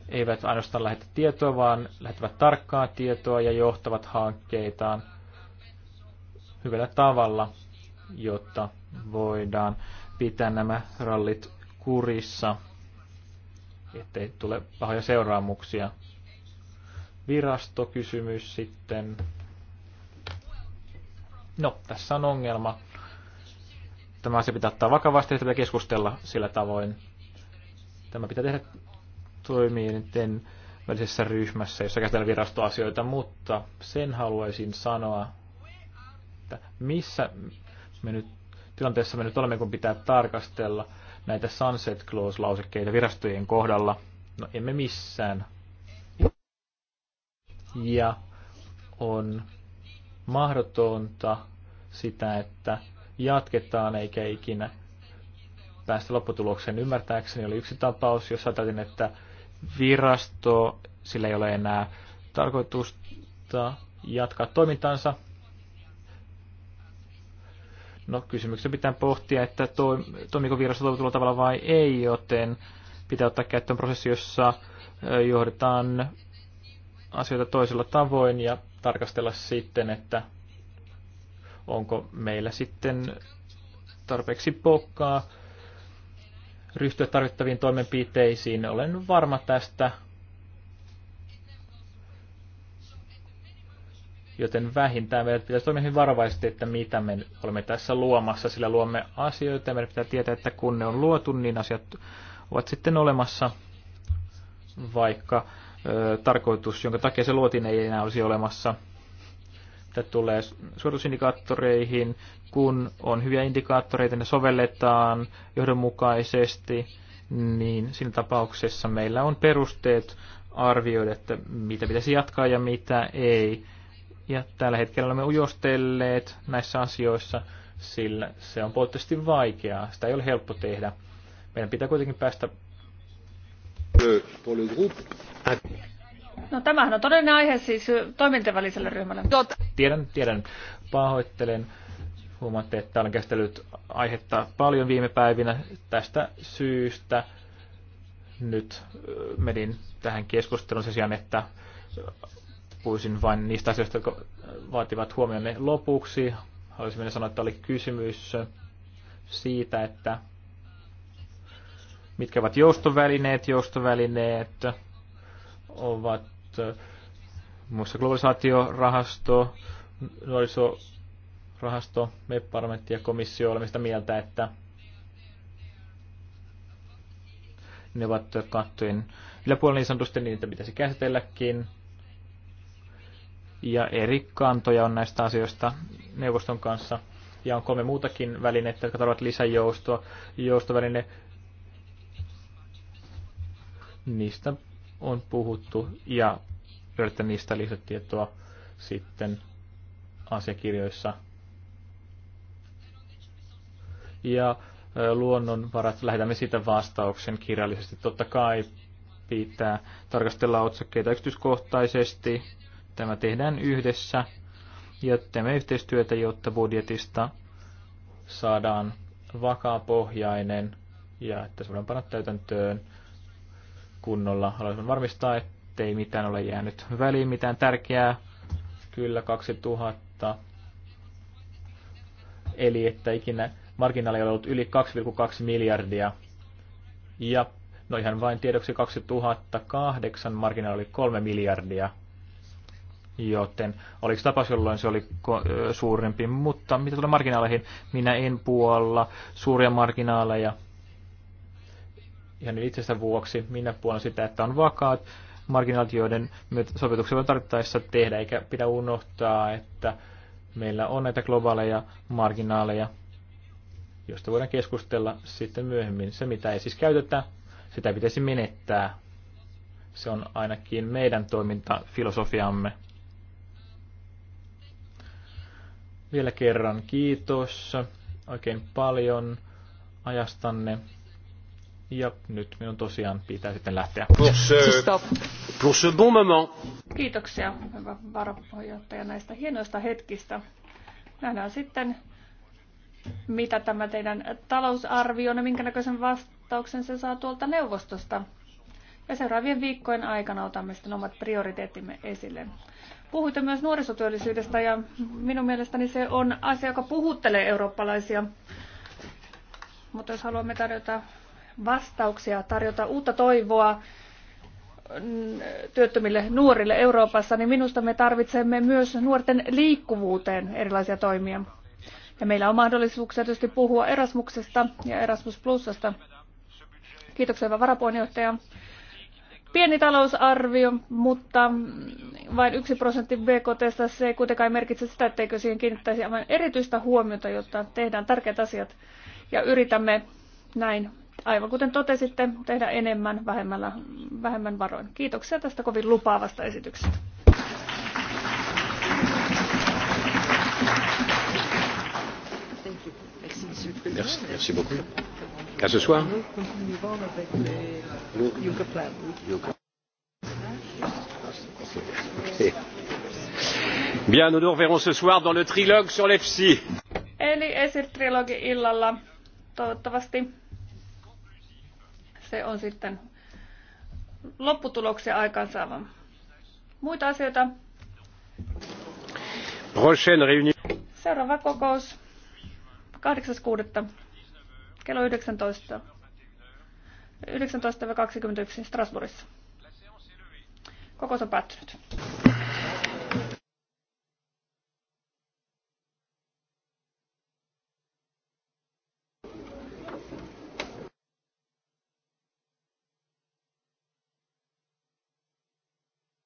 eivät ainoastaan lähetä tietoa, vaan lähettävät tarkkaa tietoa ja johtavat hankkeitaan hyvällä tavalla, jotta voidaan pitää nämä rallit kurissa, ettei tule pahoja seuraamuksia virastokysymys sitten. No, tässä on ongelma. Tämä asia pitää ottaa vakavasti että pitää keskustella sillä tavoin. Tämä pitää tehdä toimijoiden välisessä ryhmässä, jossa käsitellään virastoasioita, mutta sen haluaisin sanoa, että missä me nyt, tilanteessa me nyt olemme, kun pitää tarkastella näitä sunset clause-lausekkeita virastojen kohdalla. No emme missään ja on mahdotonta sitä, että jatketaan eikä ikinä päästä lopputulokseen. Ymmärtääkseni oli yksi tapaus, jossa ajattelin, että virasto, sillä ei ole enää tarkoitusta jatkaa toimintansa. No kysymyksessä pitää pohtia, että toi, toimiko virasto toivotulla tavalla vai ei, joten pitää ottaa käyttöön prosessi, jossa johdetaan asioita toisella tavoin ja tarkastella sitten, että onko meillä sitten tarpeeksi pokkaa ryhtyä tarvittaviin toimenpiteisiin. Olen varma tästä, joten vähintään meidän pitäisi toimia hyvin varovaisesti, että mitä me olemme tässä luomassa, sillä luomme asioita ja meidän pitää tietää, että kun ne on luotu, niin asiat ovat sitten olemassa, vaikka tarkoitus, jonka takia se luotiin, ei enää olisi olemassa. Tämä tulee suoritusindikaattoreihin, kun on hyviä indikaattoreita, ne sovelletaan johdonmukaisesti, niin siinä tapauksessa meillä on perusteet arvioida, että mitä pitäisi jatkaa ja mitä ei. Ja tällä hetkellä olemme ujostelleet näissä asioissa, sillä se on poliittisesti vaikeaa. Sitä ei ole helppo tehdä. Meidän pitää kuitenkin päästä Euh, no tämähän on todellinen aihe siis toimintien väliselle ryhmälle. Tiedän, tiedän. Pahoittelen. Huomaatte, että olen käsitellyt aihetta paljon viime päivinä tästä syystä. Nyt menin tähän keskusteluun sen sijaan, että puhuisin vain niistä asioista, jotka vaativat huomioon lopuksi. Haluaisin sanoa, että oli kysymys siitä, että Mitkä ovat joustovälineet? Joustovälineet ovat eh, muassa globalisaatiorahasto, nuorisorahasto, MEP-parlamentti ja komissio olemme sitä mieltä, että ne ovat kattojen yläpuolella niin sanotusti, niin niitä pitäisi käsitelläkin. Ja eri kantoja on näistä asioista neuvoston kanssa. Ja on kolme muutakin välineitä, jotka tarvitsevat lisäjoustoa. Joustoväline Niistä on puhuttu ja löydätte niistä lisätietoa sitten asiakirjoissa. Ja luonnonvarat, lähetämme siitä vastauksen kirjallisesti. Totta kai pitää tarkastella otsakkeita yksityiskohtaisesti. Tämä tehdään yhdessä ja teemme yhteistyötä, jotta budjetista saadaan vakaapohjainen ja että se voidaan panna täytäntöön kunnolla. Haluaisin varmistaa, ettei mitään ole jäänyt väliin, mitään tärkeää. Kyllä 2000. Eli että ikinä marginaali on ollut yli 2,2 miljardia. Ja no ihan vain tiedoksi 2008 marginaali oli 3 miljardia. Joten oliko tapaus, jolloin se oli suurempi. Mutta mitä tulee marginaaleihin, minä en puolla suuria marginaaleja – ihan itsestä vuoksi. Minä puolen sitä, että on vakaat marginaalit, joiden sovituksia voi tarvittaessa tehdä, eikä pidä unohtaa, että meillä on näitä globaaleja marginaaleja, josta voidaan keskustella sitten myöhemmin. Se, mitä ei siis käytetä, sitä pitäisi menettää. Se on ainakin meidän toimintafilosofiamme. Vielä kerran kiitos oikein paljon ajastanne. Ja nyt minun tosiaan pitää sitten lähteä. Pour ce, siis pour ce bon moment. Kiitoksia, hyvä varapuheenjohtaja, näistä hienoista hetkistä. Nähdään sitten, mitä tämä teidän talousarvio ja minkä näköisen vastauksen se saa tuolta neuvostosta. Ja seuraavien viikkojen aikana otamme sitten omat prioriteettimme esille. Puhuitte myös nuorisotyöllisyydestä ja minun mielestäni se on asia, joka puhuttelee eurooppalaisia. Mutta jos haluamme tarjota vastauksia, tarjota uutta toivoa työttömille nuorille Euroopassa, niin minusta me tarvitsemme myös nuorten liikkuvuuteen erilaisia toimia. Ja meillä on mahdollisuuksia tietysti puhua Erasmuksesta ja Erasmus Plusasta. Kiitoksia, hyvä varapuheenjohtaja. Pieni talousarvio, mutta vain yksi prosentti BKT, se ei kuitenkaan merkitse sitä, etteikö siihen kiinnittäisi aivan erityistä huomiota, jotta tehdään tärkeät asiat ja yritämme näin aivan kuten totesitte, tehdä enemmän vähemmällä, vähemmän varoin. Kiitoksia tästä kovin lupaavasta esityksestä. Merci, merci beaucoup. À ce soir. Bien, nous nous reverrons ce soir dans le trilogue sur l'EFSI. Eli esir trilogi illalla, toivottavasti se on sitten lopputuloksen aikaansaava. Muita asioita? Seuraava kokous 8.6. kello 19. 19.21 Strasbourgissa. Kokous on päättynyt.